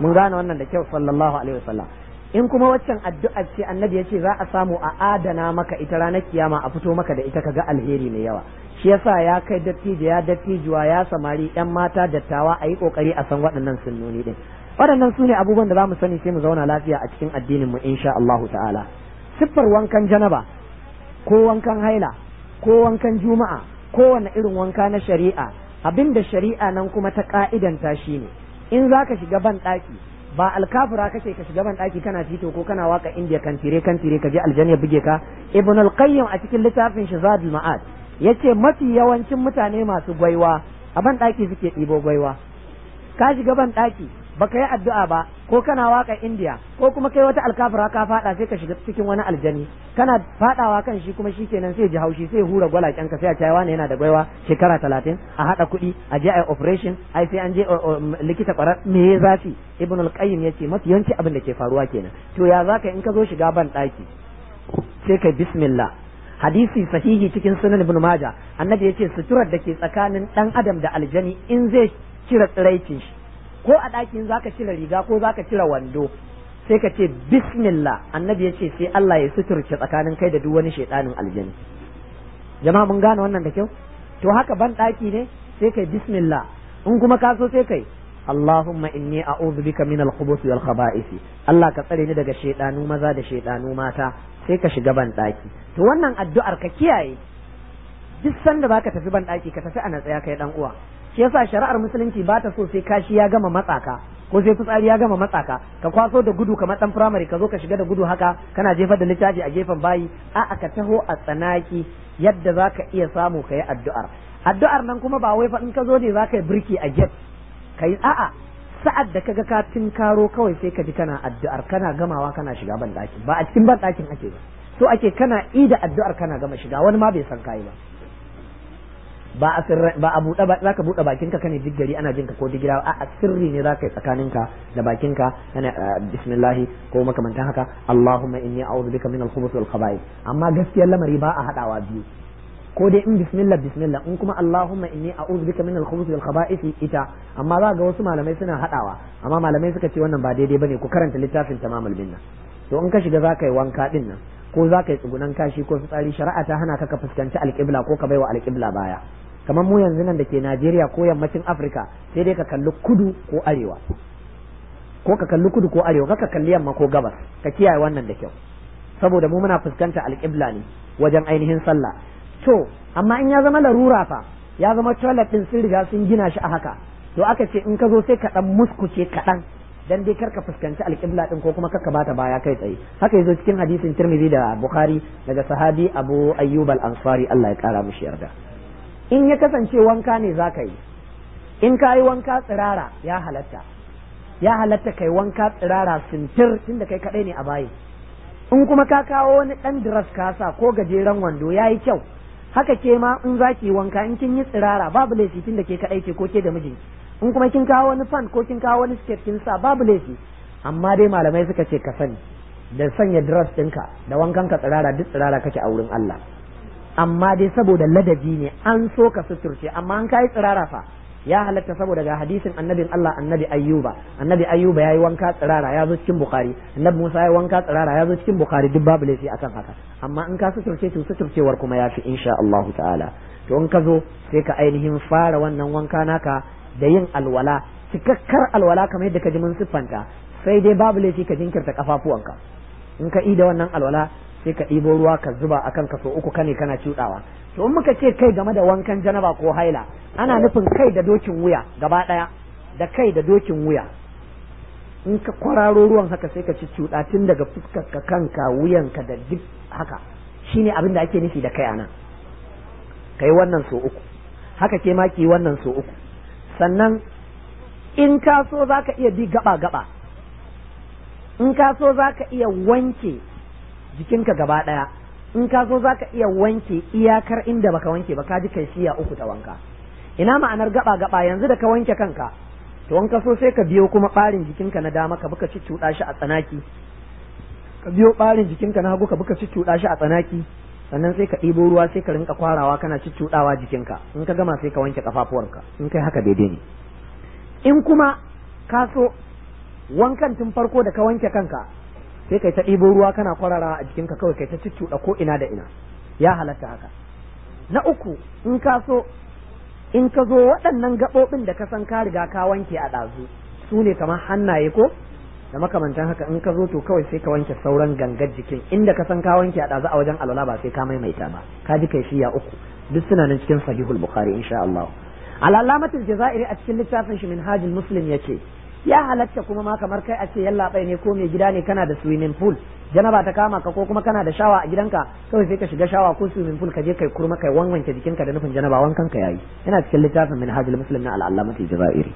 mun gane wannan da kyau sallallahu alaihi wasallam in kuma waccan addu'a ce annabi yace za a samu a adana maka ita ranar kiyama a fito maka da ita kaga alheri mai yawa shi yasa ya kai dattijo ya dattijuwa ya samari yan mata dattawa a yi kokari a san waɗannan sunnoni din waɗannan su ne abubuwan da za mu sani sai mu zauna lafiya a cikin addinin mu insha Allah ta'ala siffar wankan janaba ko wankan haila ko wankan juma'a ko kowane irin wanka na shari'a abin da shari'a nan kuma ta ka'idanta shi ne in za ka shiga ban ɗaki ba alkafura kake ka shiga ban ɗaki kana fito ko kana waka indiya kan tire kan tire ka je aljanna buge ka ibn al-qayyim a cikin littafin shi zadul ma'ad yace mafi yawancin mutane masu gwaiwa a ban ɗaki suke ɗibo gwaiwa ka shiga ban ɗaki Ba ka yi addu'a ba ko kana waka indiya ko kuma kai wata alkafara ka fada sai ka shiga cikin wani aljani kana fadawa kan shi kuma shi shikenan sai ji haushi sai hura gwalaken ka sai a cewa yana da gwaiwa shekara talatin a hada kuɗi a je a yi operation ai sai an je likita kwarar me ya zafi ibn al-qayyim yace mafi yawanci abin da ke faruwa kenan to ya zaka in ka zo shiga ban daki sai ka bismillah hadisi sahihi cikin sunan ibn majah annabi ya ce suturar da ke tsakanin dan adam da aljani in zai cire tsiraicin shi ko a ɗakin za ka cire riga ko za ka cire wando sai ka ce bismillah annabi ya ce sai Allah ya suturce tsakanin kai da duk wani shaitanin aljini jama'a mun gane wannan da kyau to haka ban ɗaki ne sai kai bismillah in kuma ka so sai kai Allahumma inni a'udhu bika min al-khubuth wal khaba'ith Allah ka tsare ni daga shaidanu maza da shaidanu mata sai ka shiga ban daki to wannan addu'ar ka kiyaye duk sanda baka tafi ban daki ka tafi a tsaya kai dan uwa shi yasa shari'ar musulunci ba ta so sai kashi ya gama matsaka ko sai fitsari ya gama matsaka ka kwaso da gudu kamar dan firamare ka zo ka shiga da gudu haka kana jefar da littafi a gefen bayi a ka taho a tsanaki yadda za ka iya samu ka yi addu'ar addu'ar nan kuma ba wai fa in ka zo ne za ka yi birki a get ka yi a'a sa'ad da kaga ka tinkaro kawai sai ka ji kana addu'ar kana gamawa kana shiga ban ba a cikin ban ake ba so ake kana ida addu'ar kana gama shiga wani ma bai san kai ba ba a sirri ba a buɗe ba zaka buɗe bakinka kane diggari ana jinka ko digira a a sirri ne zaka yi tsakaninka da bakinka kana bismillah ko makamantan haka Allahumma inni a'udhu bika min al-khubuth wal amma gaskiyar lamari ba a hadawa biyu ko dai in bismillah bismillah in kuma Allahumma inni a'udhu bika min al-khubuth wal ita amma za ga wasu malamai suna hadawa amma malamai suka ce wannan ba daidai bane ku karanta littafin tamamul minna to in ka shiga zaka yi wanka din nan ko za ka yi tsugunan kashi ko fitsari shari'a ta hana ka ka fuskanci alƙibla ko ka baiwa alkibla baya kamar mu yanzu nan da ke Najeriya ko yammacin Afirka sai dai ka kalli kudu ko arewa ko ka kalli kudu ko arewa ka kalli yamma ko gabas ka kiyaye wannan da kyau saboda mu muna fuskanta alƙibla ne wajen ainihin sallah to amma in ya zama larura fa ya zama toilet din sun riga sun gina shi a haka to aka ce in ka zo sai ka dan muskuce kaɗan dan dai kar ka fuskanci alƙibla din ko kuma karka bata baya kai tsaye haka yazo cikin hadisin Tirmidhi da Bukhari daga sahabi Abu Ayyub al-Ansari Allah ya kara mishi yarda in ya kasance wanka ne za ka yi in ka yi wanka tsirara ya halatta ya halatta kai wanka tsirara sintir tunda kai kaɗai ne a bayi in kuma ka kawo wani ɗan diras kasa ko gajeren wando ya yi kyau haka ke ma in za ki wanka in kin yi tsirara babu laifi tunda ke kaɗai ke ko ke da mijinki in kuma kin kawo wani fan ko kin kawo wani siket kin sa babu laifi amma dai malamai suka ce ka sani da sanya diras ɗinka da wankan ka tsirara duk tsirara kake a wurin Allah amma dai saboda ladabi ne an so ka suturce amma an kai tsirara fa ya halatta saboda ga hadisin annabin Allah annabi ayyuba annabi ayyuba yayi wanka tsirara ya zo cikin bukhari annabi musa yayi wanka tsirara ya zo cikin bukhari duk babu laifi akan haka amma in ka suturce to suturcewar kuma ya fi insha Allah ta'ala to in ka zo sai ka ainihin fara wannan wanka naka da yin alwala cikakkar alwala kamar yadda ka ji mun siffanta sai dai babu laifi ka jinkirta kafafuwanka in ka yi da wannan alwala sai ka ɗibo ruwa ka zuba a kanka so uku kane kana cuɗawa to in muka ce kai game da wankan janaba ko haila ana eh. nufin kai da dokin wuya gaba ɗaya da kai da dokin wuya in ka kwararo ruwan haka sai ka ci cuɗa tun daga fuskar ka kanka wuyanka da duk haka shine abin da ake nufi da kai anan kai wannan so uku haka ke ma ki wannan so uku sannan in ka so zaka iya bi gaba gaba in ka so zaka iya wanke jikinka gaba ɗaya in ka zo za ka iya wanke iyakar inda baka wanke ba ka ji kai shiya uku ta wanka ina ma'anar gaba gaba yanzu da ka wanke kanka to wanka so sai ka biyo kuma ɓarin jikinka na dama ka buka cuccuɗa shi a tsanaki ka biyo ɓarin jikinka na hagu ka buka cuccuɗa shi a tsanaki sannan sai ka ɗibo ruwa sai ka rinka kwarawa kana cuccuɗawa jikinka in ka gama sai ka wanke ƙafafuwarka in kai haka daidai ne in kuma ka so wankan tun farko da ka wanke kanka sai kai ta ɗibo ruwa kana kwarara a jikinka kawai kai ta cuccuɗa ko ina da ina ya halatta haka na uku in ka so in ka zo waɗannan gaɓoɓin da ka san ka riga ka wanke a ɗazu su ne kamar hannaye ko da makamantan haka in ka zo to kawai sai ka wanke sauran gangar jikin inda ka san ka wanke a ɗazu a wajen alwala ba sai ka maimaita ba ka ji kai ya uku duk suna nan cikin sahihul bukhari insha Allah al-allamatul jazairi a cikin littafin shi minhajul muslim yake ya halatta kuma ma kamar kai a ce bai ne ko mai gida ne kana da swimming pool janaba ta kama ka ko kuma kana da shawa a gidanka kawai sai ka shiga shawa ko swimming pool ka je kai kurma kai wanwanke jikinka da nufin janaba wankan ka yayi yana cikin littafin minhajul muslim na al ta jazairi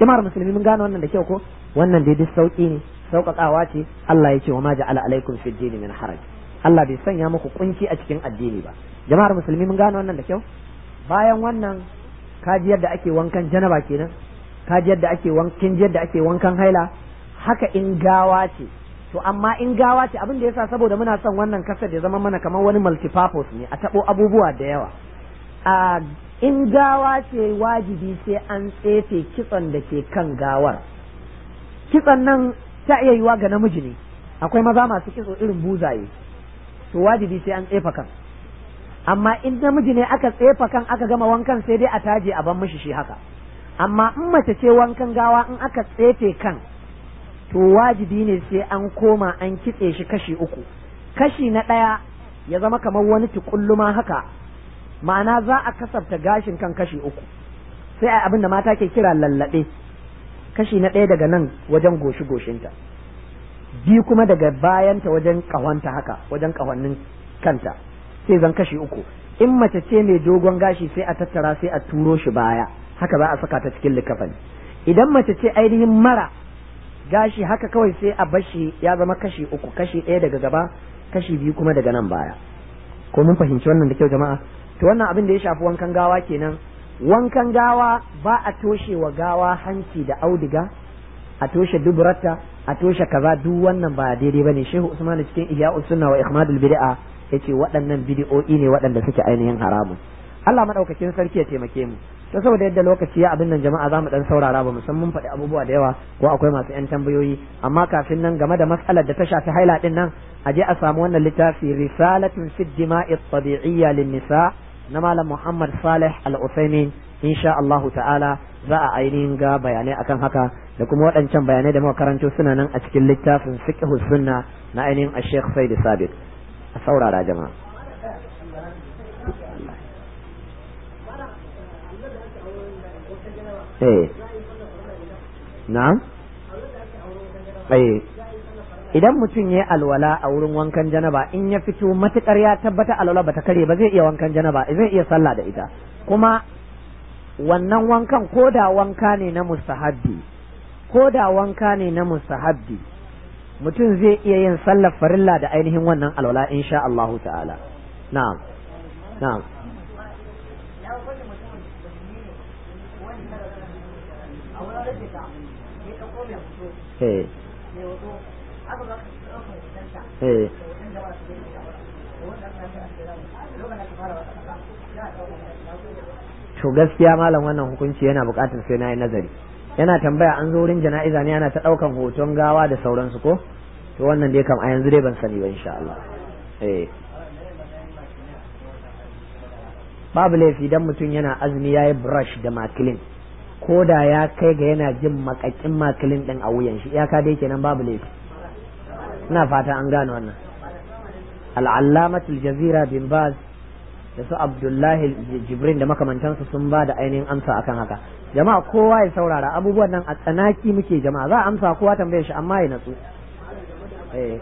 jama'ar musulmi mun gane wannan da kyau ko wannan dai duk sauki ne sauƙaƙawa ce Allah ya ce wa ma ja'ala alaikum fid dini min haraj Allah bai sanya muku kunci a cikin addini ba jama'ar musulmi mun gane wannan da kyau bayan wannan kajiyar da ake wankan janaba kenan Kaji yadda ake wankin yadda ake wankan haila haka in gawa ce to amma in gawa ce abin da yasa saboda muna son wannan kasar da zama mana kamar wani multipurpose ne a tabo abubuwa da yawa a in gawa ce wajibi sai an tsefe kitson da ke kan gawar kitson nan ta iya yiwa ga namiji ne akwai maza masu kitso irin buzaye to wajibi sai an tsefa kan amma in namiji ne aka tsefa kan aka gama wankan sai dai a taje a ban mishi shi haka amma in mace ce wankan gawa in aka tsefe kan to wajibi ne sai an koma an kitse shi kashi uku kashi na ɗaya ya zama kamar wani tukulluma haka ma'ana za a kasafta gashin kan kashi uku sai a abin da mata ke kira lallaɓe kashi na ɗaya daga nan wajen goshi goshinta bi kuma daga bayanta wajen ƙahonta haka wajen ƙahonin kanta sai zan kashi uku in mace ce mai dogon gashi sai a tattara sai a turo shi baya haka za a saka ta cikin likafani idan mace ce ainihin mara gashi haka kawai sai a bashi ya zama kashi uku kashi ɗaya daga gaba kashi biyu kuma daga nan baya ko mun fahimci wannan da kyau jama'a to wannan abin da ya shafi wankan gawa kenan wankan gawa ba a toshe wa gawa hanci da audiga a toshe duburatta a toshe kaza duk wannan ba daidai bane shehu usman cikin iya sunna wa ihmadul bid'a yace waɗannan bid'o'i ne waɗanda suke ainihin haramun Allah madaukakin sarki ya taimake mu to saboda yadda lokaci ya abin nan jama'a za mu dan saurara ba musamman faɗi abubuwa da yawa ko akwai masu yan tambayoyi amma kafin nan game da matsalar da ta shafi haila din nan a je a samu wannan littafi risalatun fi dima'i tabi'iyya lin nisa na malam Muhammad Saleh al usaimin insha Allah ta'ala za a ainihin ga bayanai akan haka da kuma waɗancan bayanai da muka karanto suna nan a cikin littafin fiqh sunna na ainihin a Sheikh Said a saurara jama'a Eh. Eh. idan mutum ya yi alwala a wurin wankan janaba in ya fito matukar ya tabbata alwala bata kare ba zai iya wankan janaba zai iya sallah da ita kuma wannan wankan ko da wanka ne na mustahabbi ko da wanka ne na mustahabbi mutum zai iya yin sallar farilla da ainihin wannan alwala insha allahu ta'ala na'am na'am Eh. Eh. to gaskiya malam wannan hukunci yana bukatar sai na yi nazari yana tambaya an zo wurin jana'iza ne ana ta ɗaukan hoton gawa da sauransu ko to wannan dai kam a yanzu dai ban sani ba insha Allah eh. babu laifi don mutum yana azumi ya yi brush da makilin ko da ya kai ga yana jin makakin makilin din a wuyan shi iyaka dai kenan babu laifi ina fata an gane wannan al'allamatul jazira bin baz da su abdullahi jibrin da makamantansu sun ba da ainihin amsa akan haka jama'a kowa ya saurara abubuwan nan a tsanaki muke jama'a za a amsa kowa tambayar shi amma ya natsu eh.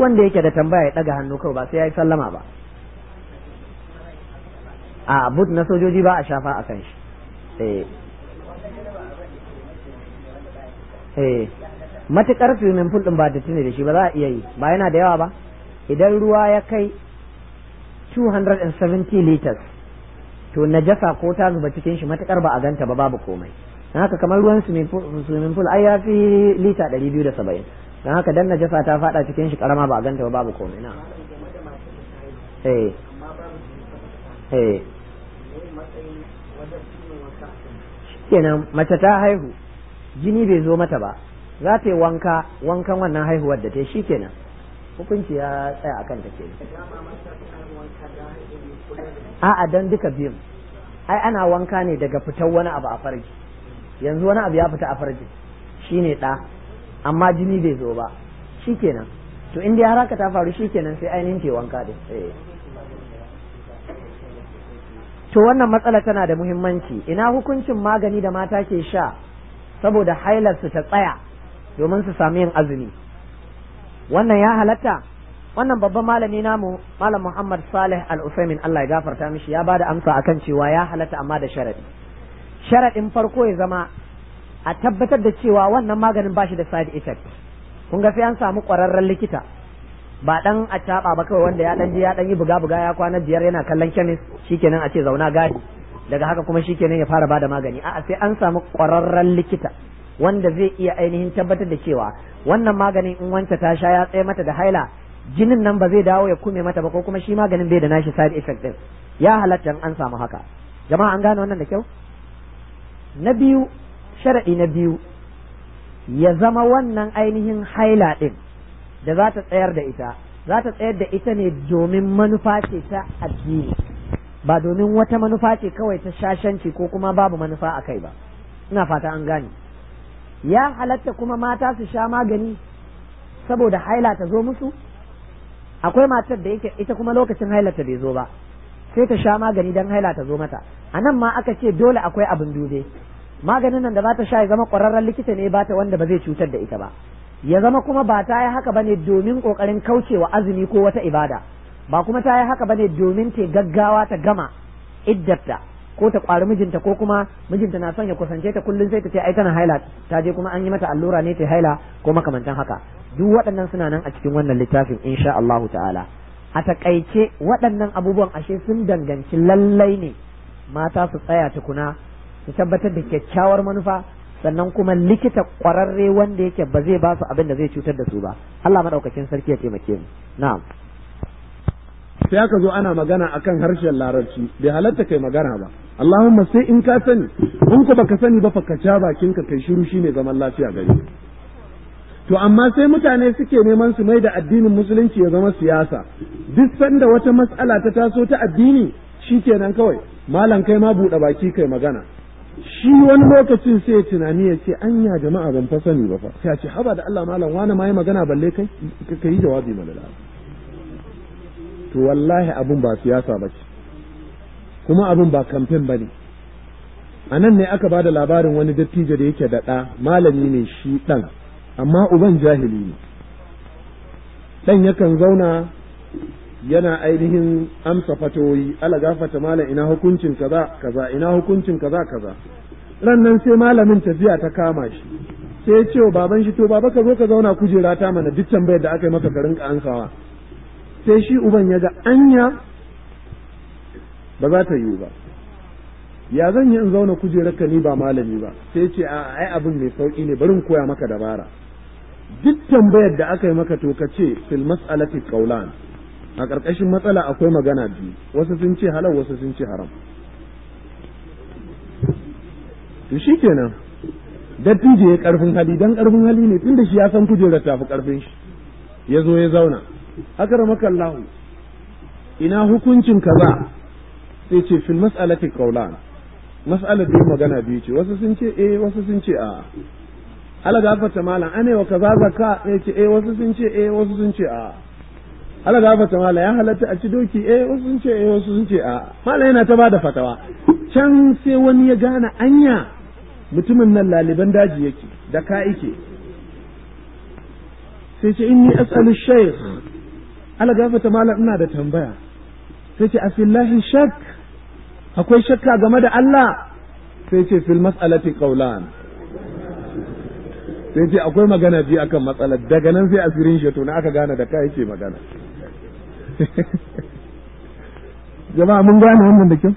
wanda yake da tambaya ya daga hannu kawai ba sai ya yi sallama ba a but na sojoji ba a shafa a kan shi eh eh fulɗin ba da tuni da shi ba za a iya yi ba yana da yawa ba idan ruwa ya kai 270 liters to na jasa ko ta zuba cikin shi matukar ba a ganta ba babu komai don haka kamar ruwan swimming pool ai ya fi lita 270 don haka dan jasa ta fada cikin shi karama ba a ganta ba babu komai na eh eh kenan mace ta haihu jini bai zo mata ba za ta yi wanka wankan wannan haihuwar da ta yi shikenan hukunci ya tsaya akan ta ke a'a dan duka biyu ai ana wanka ne daga fitar wani abu a farji yanzu wani abu ya fita a farji shine ɗa amma jini bai zo ba shikenan to inda ya haraka ta faru shikenan sai ainihin ke wanka da tsaye eh. to wannan matsala tana da muhimmanci ina hukuncin magani da mata ke sha saboda su ta tsaya domin su sami yin azumi wannan ya halatta wannan babban malami namu malam Muhammad Salih Al-Usaimin Allah ya gafarta mishi ya bada amsa akan cewa ya halatta amma da sharadi sharadin farko ya zama a tabbatar da cewa wannan maganin bashi da side effect kun ga sai an samu kwararren likita ba dan a taba ba kawai wanda ya dan je ya dan yi buga buga ya kwana biyar yana kallon kemis shikenan a ce zauna gadi daga haka kuma shikenan ya fara bada magani a'a sai an samu kwararren likita wanda zai iya ainihin tabbatar da cewa wannan maganin in wanta ta sha ya tsaye mata da haila jinin nan ba zai dawo ya kume mata ba ko kuma shi maganin bai da nashi side effect din ya halatta an samu haka jama'a an gane wannan da kyau na biyu sharaɗi na biyu ya zama wannan ainihin haila din. da za ta tsayar da ita za ta tsayar da ita ne domin manufa ce ta addini ba domin wata manufa ce kawai ta shashanci ko kuma babu manufa a kai ba ina fata an gane ya halatta kuma mata su sha magani saboda haila ta zo musu akwai matar da yake ita kuma lokacin haila ta bai zo ba sai ta sha magani don haila ta zo mata a nan ma aka ce dole akwai abin dube maganin nan da za ta sha ya zama ƙwararren likita ne ba ta wanda ba zai cutar da ita ba ya zama kuma ba ta yi haka bane domin kokarin kaucewa azumi ko wata ibada ba kuma ta yi haka bane domin ta gaggawa ta gama iddarta ko ta kwari mijinta ko kuma mijinta na son ya kusance ta kullum sai ta ce ai tana haila ta je kuma an yi mata allura ne ta haila ko makamantan haka duk waɗannan suna nan a cikin wannan littafin insha Allahu ta'ala a takaice waɗannan abubuwan ashe sun danganci lallai ne mata su tsaya tukuna su tabbatar da kyakkyawar manufa sannan kuma likita kwararre wanda yake ba zai ba su abin da zai cutar da su ba Allah madaukakin sarki ya taimake mu na'am sai aka zo ana magana akan harshen larabci bai halatta kai magana ba Allahumma sai in ka sani in ko baka sani ba fakaca bakin ka kai shiru shine zaman lafiya gare to amma sai mutane suke neman su mai da addinin musulunci ya zama siyasa duk sanda wata mas'ala ta taso ta addini shikenan kawai malam kai ma buɗe baki kai magana shi wani lokacin sai tunani ya ce anya jama'a ban fa sani ba fa sai ce haba da Allah malam wani ma yi magana balle kai ka yi jawabi mana da to wallahi abin ba siyasa ba ce kuma abin ba kamfen ba ne a nan ne aka ba da labarin wani dattijo da yake daɗa malami ne shi ɗan amma uban jahili ne ɗan yakan zauna yana ainihin amsa fatoyi ala gafata malam ina hukuncin kaza kaza ina hukuncin kaza kaza rannan sai malamin tafiya ta kama shi sai ce wa baban shi to baba ka zo ka zauna kujera ta mana duk tambayar da aka yi maka ka ansawa sai shi uban ya ga anya ba za ta yiwu ba ya zan yi in zauna kujerar ka ni ba malami ba sai ce a ai abin mai sauki ne barin koya maka dabara duk tambayar da aka yi maka to ka ce fil mas'alati qawlan a ƙarƙashin matsala akwai magana biyu wasu sun ce halal wasu sun ce haram to shi kenan dattijo ya ƙarfin hali dan ƙarfin hali ne tunda shi ya san kujerar tafi ƙarfin shi ya zo ya zauna haka lahu. ina hukuncin kaza sai ce fil mas'alati qawlan mas'alar biyu magana biyu ce wasu sun ce eh wasu sun ce a ala gafarta malam anewa kaza zakka sai ce eh wasu sun ce eh wasu sun ce a Allah ga fata mala ya halatta a ci doki eh wasu sun ce eh wasu sun ce a mala yana ta bada fatawa can sai wani ya gane anya mutumin nan laliban daji yake da ka ike sai ce inni as'alu shaykh Allah ga fata mala ina da tambaya sai ce afillahi shak akwai shakka game da Allah sai ce fil mas'alati qawlan sai ce akwai magana biyu akan matsalar daga nan sai asirin shi to na aka gane da ka yake magana jama'a mun gane wannan da kyau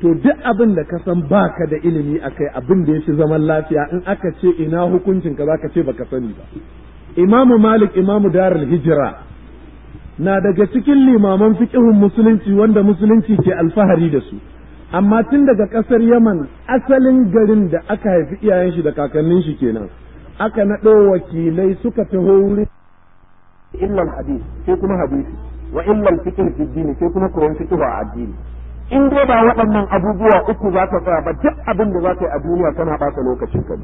to duk abin da ka san baka da ilimi akai abin da ya fi zaman lafiya in aka ce ina hukuncin ka baka ce baka sani ba imamu malik imamu darul hijira na daga cikin limaman fiqhun musulunci wanda musulunci ke alfahari da su amma tun daga kasar yaman asalin garin da aka haifi iyayen shi da kakannin shi kenan aka naɗo wakilai suka taho wurin illal hadith sai kuma hadisi wa illal fiqh fi sai kuma koyon fiqh a addini in dai ba waɗannan abubuwa uku za ka tsaya ba duk abin da za ka yi a duniya kana ɓata lokacin ka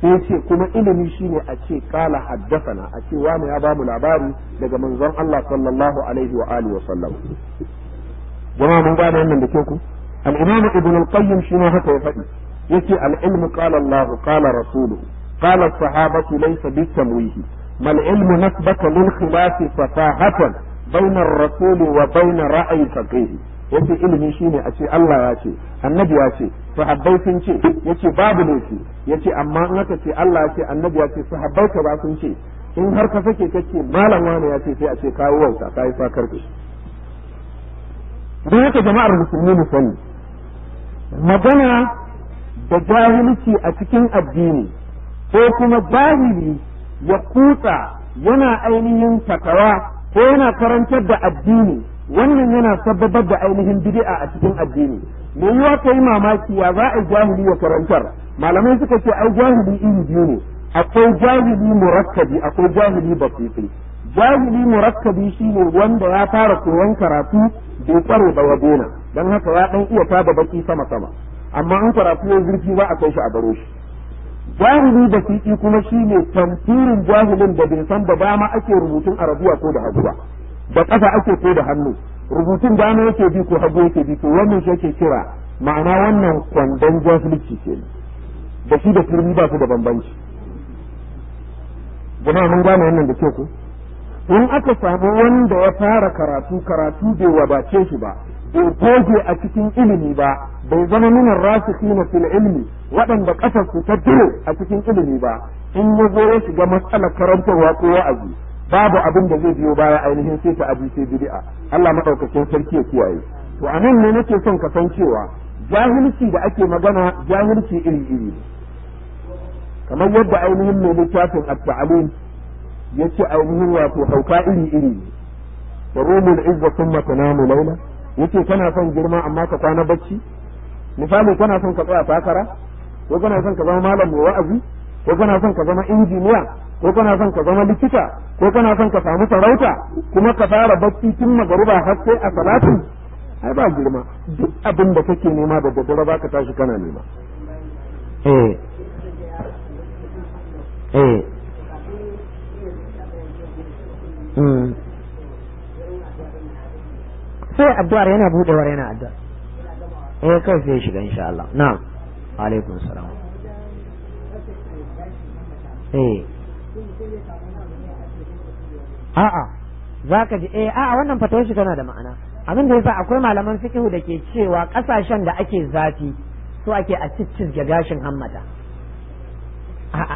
sai ce kuma ilimi shine a ce kala haddasana a ce wani ya bamu labari daga manzon Allah sallallahu alaihi wa alihi wa sallam jama'a mun gane wannan da ke ku al-imam ibn al-qayyim shi haka ya faɗi yace al-ilmu qala Allah qala rasuluhu qala as-sahabatu laysa bitamwihi mal ilmu nasbaka lil khilafi fasahatan bainar rasuli wa bainar ra'ayi faqihi yace ilimi shine a ce Allah ya ce annabi ya ce sahabbai sun ce yace babu laifi yace amma in aka ce Allah ya ce annabi ya ce sahabbai ka ba sun ce in har ka sake kace malam wani ya ce sai a ce kawo wauta kai fakar da don haka jama'ar musulmi mu sani magana da jahilci a cikin addini ko kuma jahili ya kutsa yana ainihin fatawa ko yana karantar da addini wannan yana sababar da ainihin bid'a a cikin addini me yiwa ka yi mamaki ya za a jahili ya karantar malamai suka ce ai jahili iri biyu ne akwai jahili murakkabi akwai jahili basiti jahili murakkabi shine wanda ya fara koyon karatu bai tsare ba ya dena don haka ya dan iya taba baki sama sama amma in karatu ya zurfi ba kai shi a baro shi jahili da fiƙi kuma shi shine tamfirin jahilin da bai san ba dama ake rubutun arabuwa ko da haguwa da ƙasa ake ko da hannu rubutun dama yake bi ko hagu yake bi to wannan shi ake kira ma'ana wannan kwandon jahilci ke da shi da firmi ba su da bambanci gina mun gane wannan da ke ku in aka samu wanda ya fara karatu karatu bai wadace shi ba in a cikin ilimi ba bai zama nuna rasu fi na fil ilimi waɗanda ƙasar su ta duro a cikin ilimi ba in ya zo ya shiga matsalar karantarwa ko wa'azi babu abin da zai biyo baya ainihin sai ta abu sai bid'a Allah madaukakin sarki ya kiyaye to nan ne nake son ka san cewa jahilci da ake magana jahilci iri iri kamar yadda ainihin mai littafin at ya yace ainihin wato hauka iri iri ne da rumul izza thumma tanamu laila yace kana son girma amma ka kwana bacci misali kana son ka tsaya takara ko kana son ka zama malam mai wa'azi ko kana son ka zama injiniya ko kana son ka zama likita ko kana son ka samu sarauta kuma ka fara bacci tun magaruba har sai a salatu ai ba girma duk abin da kake nema da daddare ka tashi kana nema eh eh hmm. sai addu'ar yana budewar yana addu'ar eh kai sai shiga insha Allah na'am alaikum salam eh a'a zaka ji eh a'a wannan fatawar shi tana da ma'ana abin da yasa akwai malaman fiqhu da ke cewa kasashen da ake zafi su ake a ciccizge gashin hammata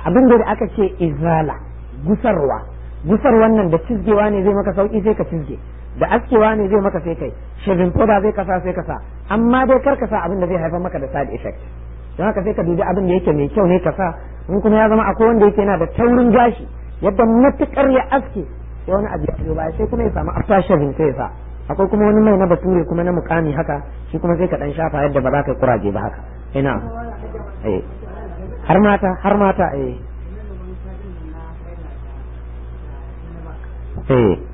abin da aka ce izala gusarwa gusar wannan da cizgewa ne zai maka sauki sai ka cizge da askewa ne zai maka sai kai ko da zai kasa sai kasa amma dai kar ka abin da zai haifar maka da side effect don haka sai ka dubi abin da yake mai kyau ne kasa in kuma ya zama akwai wanda yake yana da taurin gashi yadda matukar ya aske sai wani abu ya baya sai kuma ya samu after shirin sai ya sa akwai kuma wani mai na bature kuma na mukami haka shi kuma sai ka dan shafa yadda ba za ka kuraje ba haka ina eh. har mata har mata eh eh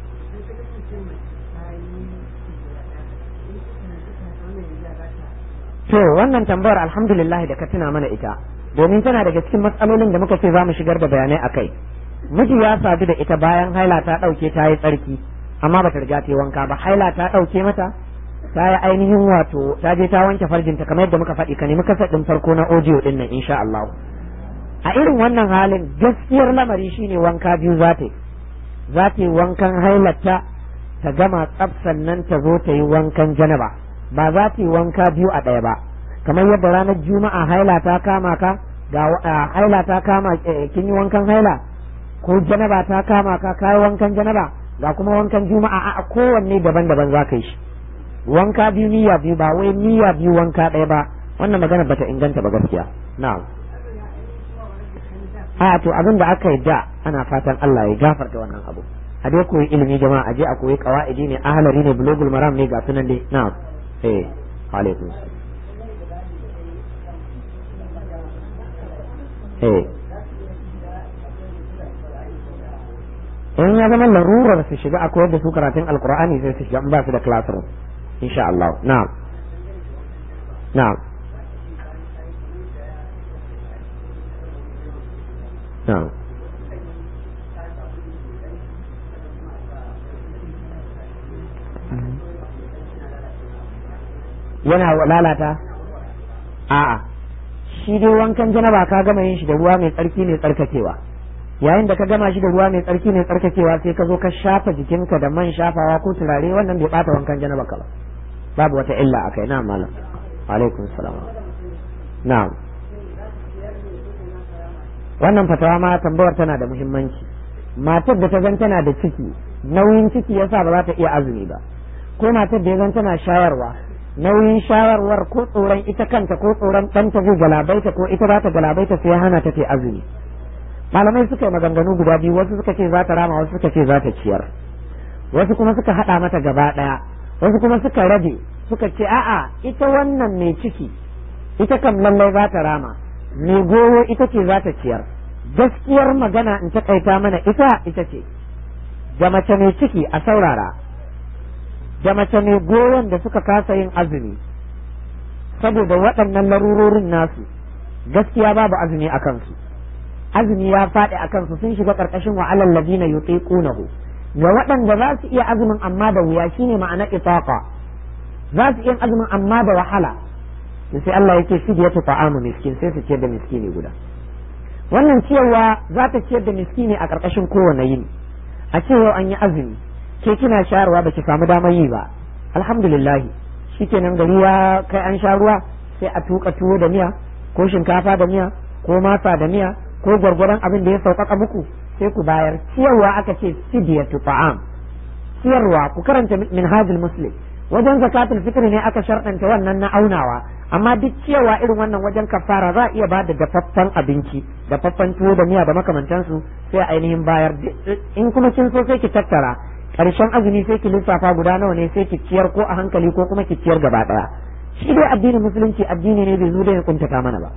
to wannan tambayar alhamdulillah da ka tuna mana ita domin tana daga cikin matsalolin da muka ce za mu shigar da bayanai a kai miji ya sadu da ita bayan haila ta ɗauke ta yi tsarki amma bata riga ta wanka ba haila ta ɗauke mata ta yi ainihin wato ta je ta wanke farjinta kamar yadda muka faɗi ka nemi kasa ɗin farko na audio ɗin nan insha Allah a irin wannan halin gaskiyar lamari shine wanka biyu za ta za ta yi wankan hailata ta gama tsaf sannan ta zo ta yi wankan janaba ba za ta yi wanka biyu a ɗaya ba kamar yadda ranar juma'a haila ta kama ka ga haila ta kama eh, kin yi wankan haila ko janaba ta kama ka kai wankan janaba ga kuma wankan juma'a a kowanne daban-daban za ka yi shi wanka biyu niyya biyu ba wai niyya biyu wanka ɗaya ba wannan magana bata inganta ba gaskiya na'am a to abin da aka yi da ana fatan Allah ya gafarta wannan abu a dai koyi ilimi jama'a a je a koyi kawaidi ne ahalari ne bulogul maram ne ga sunan dai na'am eh alaikum eh in ya zama larurar su shiga akwai yadda su karatun alkur'ani sai su shiga ba su da classroom insha Allah na'am na'am na'am yana lalata a'a shi dai wankan janaba ka gama yin shi da ruwa mai tsarki mai tsarkakewa yayin da ka gama shi da ruwa mai tsarki mai tsarkakewa sai ka zo ka shafa jikinka da man shafawa ko turare wannan bai bata wankan janaba ka ba babu wata illa akai na malam alaikum salam na'am wannan fatawa ma tambayar tana da muhimmanci matar da ta zan tana da ciki nauyin ciki yasa ba za ta iya azumi ba ko matar da ya zan tana shayarwa nauyin shawarwar ko tsoron ita kanta ko tsoron ta zo galabaita ko ita za ta galabaita sai hana ta ke azumi malamai suka yi maganganu guda biyu wasu suka ce za ta rama wasu suka ce za ta ciyar wasu kuma suka haɗa mata gaba ɗaya wasu kuma suka rage suka ce a'a ita wannan mai ciki ita kan lallai za ta rama mai goyo ita ce za ta ciyar gaskiyar magana in taƙaita mana ita ita ce da mace mai ciki a saurara da mace mai goyon da suka kasa yin azumi saboda waɗannan larurorin nasu gaskiya babu azumi a kansu azumi ya faɗi a kansu sun shiga ƙarƙashin wa'alan ladina yutiqunahu ga waɗanda za su iya azumin amma da wuya shine ma'ana itaqa za su iya azumin amma da wahala sai Allah yake fidiyatu ta'amu miskin sai su ciyar da miskini guda wannan ciyarwa za ta ciyar da miskini a ƙarƙashin kowane yini a ce yau an yi azumi ke kina sharuwa baki samu damar yi ba alhamdulillah shikenan gari ya kai an sharuwa sai a tuka tuwo da miya ko shinkafa da miya ko masa da miya ko gwargwaron abin da ya sauƙaƙa muku sai ku bayar ciyarwa aka ce sidiyatu ta'am ciyarwa ku karanta minhajul muslim wajen zakatul fitri ne aka sharɗanta wannan na aunawa amma duk ciyarwa irin wannan wajen kafara za a iya ba da dafaffen abinci dafaffen tuwo da miya da makamantansu sai ainihin bayar in kuma kin so sai ki tattara karshen azumi sai ki lissafa guda nawa ne sai ki ciyar ko a hankali ko kuma ki ciyar gaba daya shi dai addinin musulunci addini ne bai zo da ya kuntata mana ba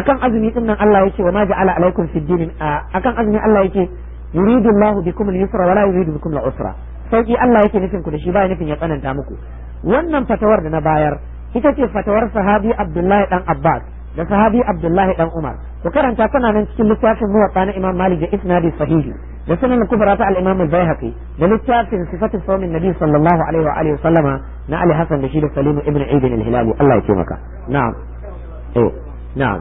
akan azumi din nan Allah yake wa ma ja'ala alaikum fid din akan azumi Allah yake yuridu Allahu bikum al-yusra wa la yuridu bikum al-usra sauki Allah yake nufin ku da shi ba nufin ya tsananta muku wannan fatawar da na bayar ita ce fatawar sahabi Abdullahi dan Abbas da sahabi Abdullahi dan Umar ku karanta tana nan cikin littafin muwatta na imam malik da isnadi sahihi da sunan kubra ta al-imam al-baihaqi da littafin sifatu sawmin nabi sallallahu alaihi wa alihi sallama na ali hasan da shi da salim ibn aid al-hilali Allah ya taimaka na'am eh na'am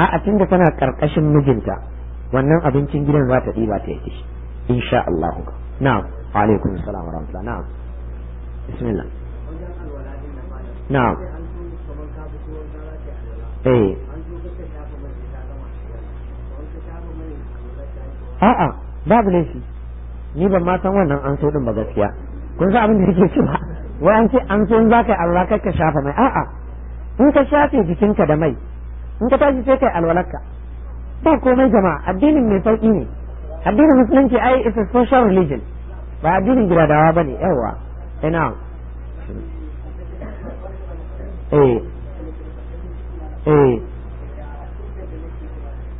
a tunda tana karkashin mijinta wannan abincin gidan za ta ɗiba ta yi shi insha Allah na'am wa alaikum assalam wa rahmatullah na'am bismillah na'am e. a'a babu laifi ni ban matan wannan an so din ba gaskiya kun san abin da yake ba wai an ce an so in zaka ka shafa mai a'a in ka shafe jikinka da mai in ka tashi sai kai alwalakka. ba komai jama'a addinin mai sauki ne addinin musulunci ai is a social religion ba addinin ba ne yawa ina eh eh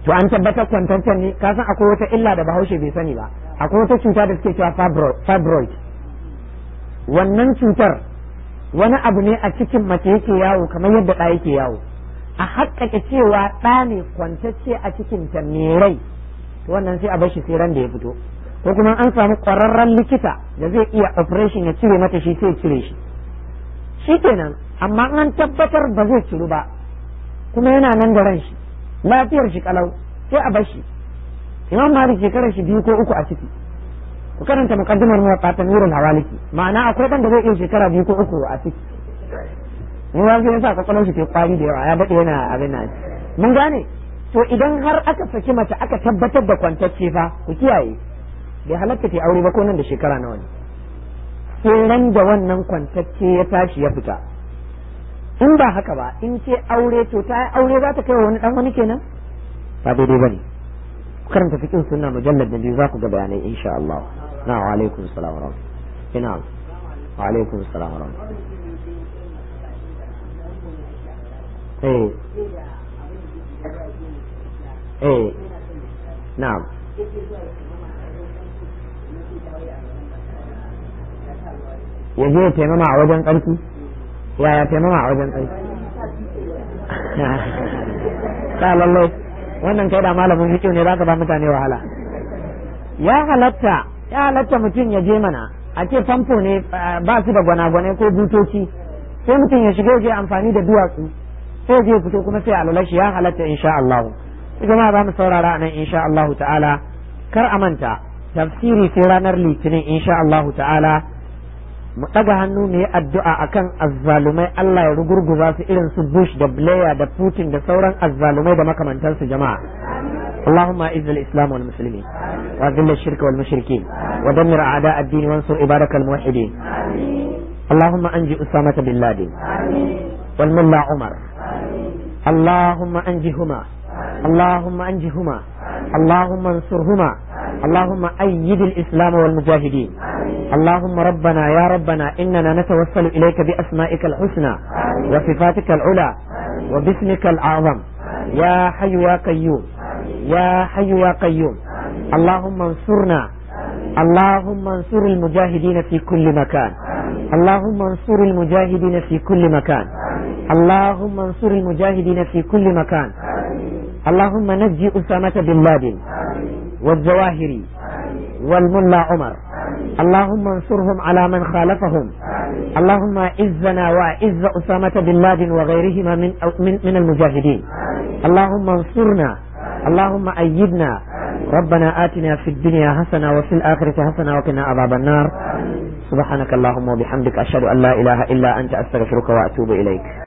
to an tabbatar kwantancen ne ka san akwai wata illa da bahaushe bai sani ba akwai wata cuta da suke cewa fibroid wannan cutar wani abu ne a cikin mace yake yawo kamar yadda ɗa yake yawo a haƙƙaƙe cewa ɗa ne kwantacce a cikin ta rai to wannan sai a bar shi sai da ya fito ko kuma an samu ƙwararren likita da zai iya operation ya cire mata shi sai cire shi shi kenan amma an tabbatar ba zai ciru ba kuma yana nan da ran shi lafiyar shi kalau sai a bashi shi imam malik shekarar shi biyu ko uku a ciki ku karanta muqaddimar ta nurul hawaliki ma'ana akwai dan da zai iya shekara biyu ko uku a ciki ne ya ga yasa kwakwalwar shi ke kwari da yawa ya bade yana abin nan mun gane to idan har aka saki mace aka tabbatar da kwantacce fa ku kiyaye bai halatta ke aure ba ko nan da shekara nawa ne sai ran da wannan kwantacce ya tashi ya fita in ba haka ba in ce aure to ta aure za ta kai wani dan wani kenan ba daidai bane ku karanta fikin sunna mujallad da biyu za ku ga bayanai insha Allah na wa alaikum salam wa ina wa alaikum salam wa eh eh na'am yanzu ya taimama a wajen ƙarfi yaya taimama a wajen tsarki ta lallai wannan kai da malamin fikiyo ne ka ba mutane wahala ya halatta ya halatta mutum ya je mana a ce famfo ne ba su da gwana ko butoci sai mutum ya shiga je amfani da duwatsu sai je fito kuma sai alwala shi ya halatta insha Allah jama'a za mu saurara nan insha Allah ta'ala kar a manta tafsiri sai ranar litinin insha Allah ta'ala mu ɗaga hannu mu yi addu'a akan azzalumai Allah ya rugurguza su irin su Bush da Blair da Putin da sauran azzalumai da makamantansu jama'a اللهم اعز الاسلام والمسلمين واذل الشرك والمشركين ودمر اعداء الدين وانصر عبادك الموحدين اللهم انجي اسامه بن لادن والملا عمر اللهم انجهما اللهم أنجهما اللهم انصرهما اللهم أيد الإسلام والمجاهدين اللهم ربنا يا ربنا إننا نتوسل إليك بأسمائك الحسنى وصفاتك العلى وباسمك الأعظم يا حي يا قيوم يا حي يا قيوم اللهم انصرنا اللهم انصر المجاهدين في كل مكان اللهم انصر المجاهدين في كل مكان اللهم انصر المجاهدين في كل مكان اللهم نجي أسامة بن لادن والجواهري والملا عمر اللهم انصرهم على من خالفهم اللهم اعزنا واعز أسامة بن لادن وغيرهما من, من, من المجاهدين اللهم انصرنا اللهم أيدنا ربنا آتنا في الدنيا حسنة وفي الآخرة حسنة وقنا عذاب النار سبحانك اللهم وبحمدك أشهد أن لا إله إلا أنت أستغفرك وأتوب إليك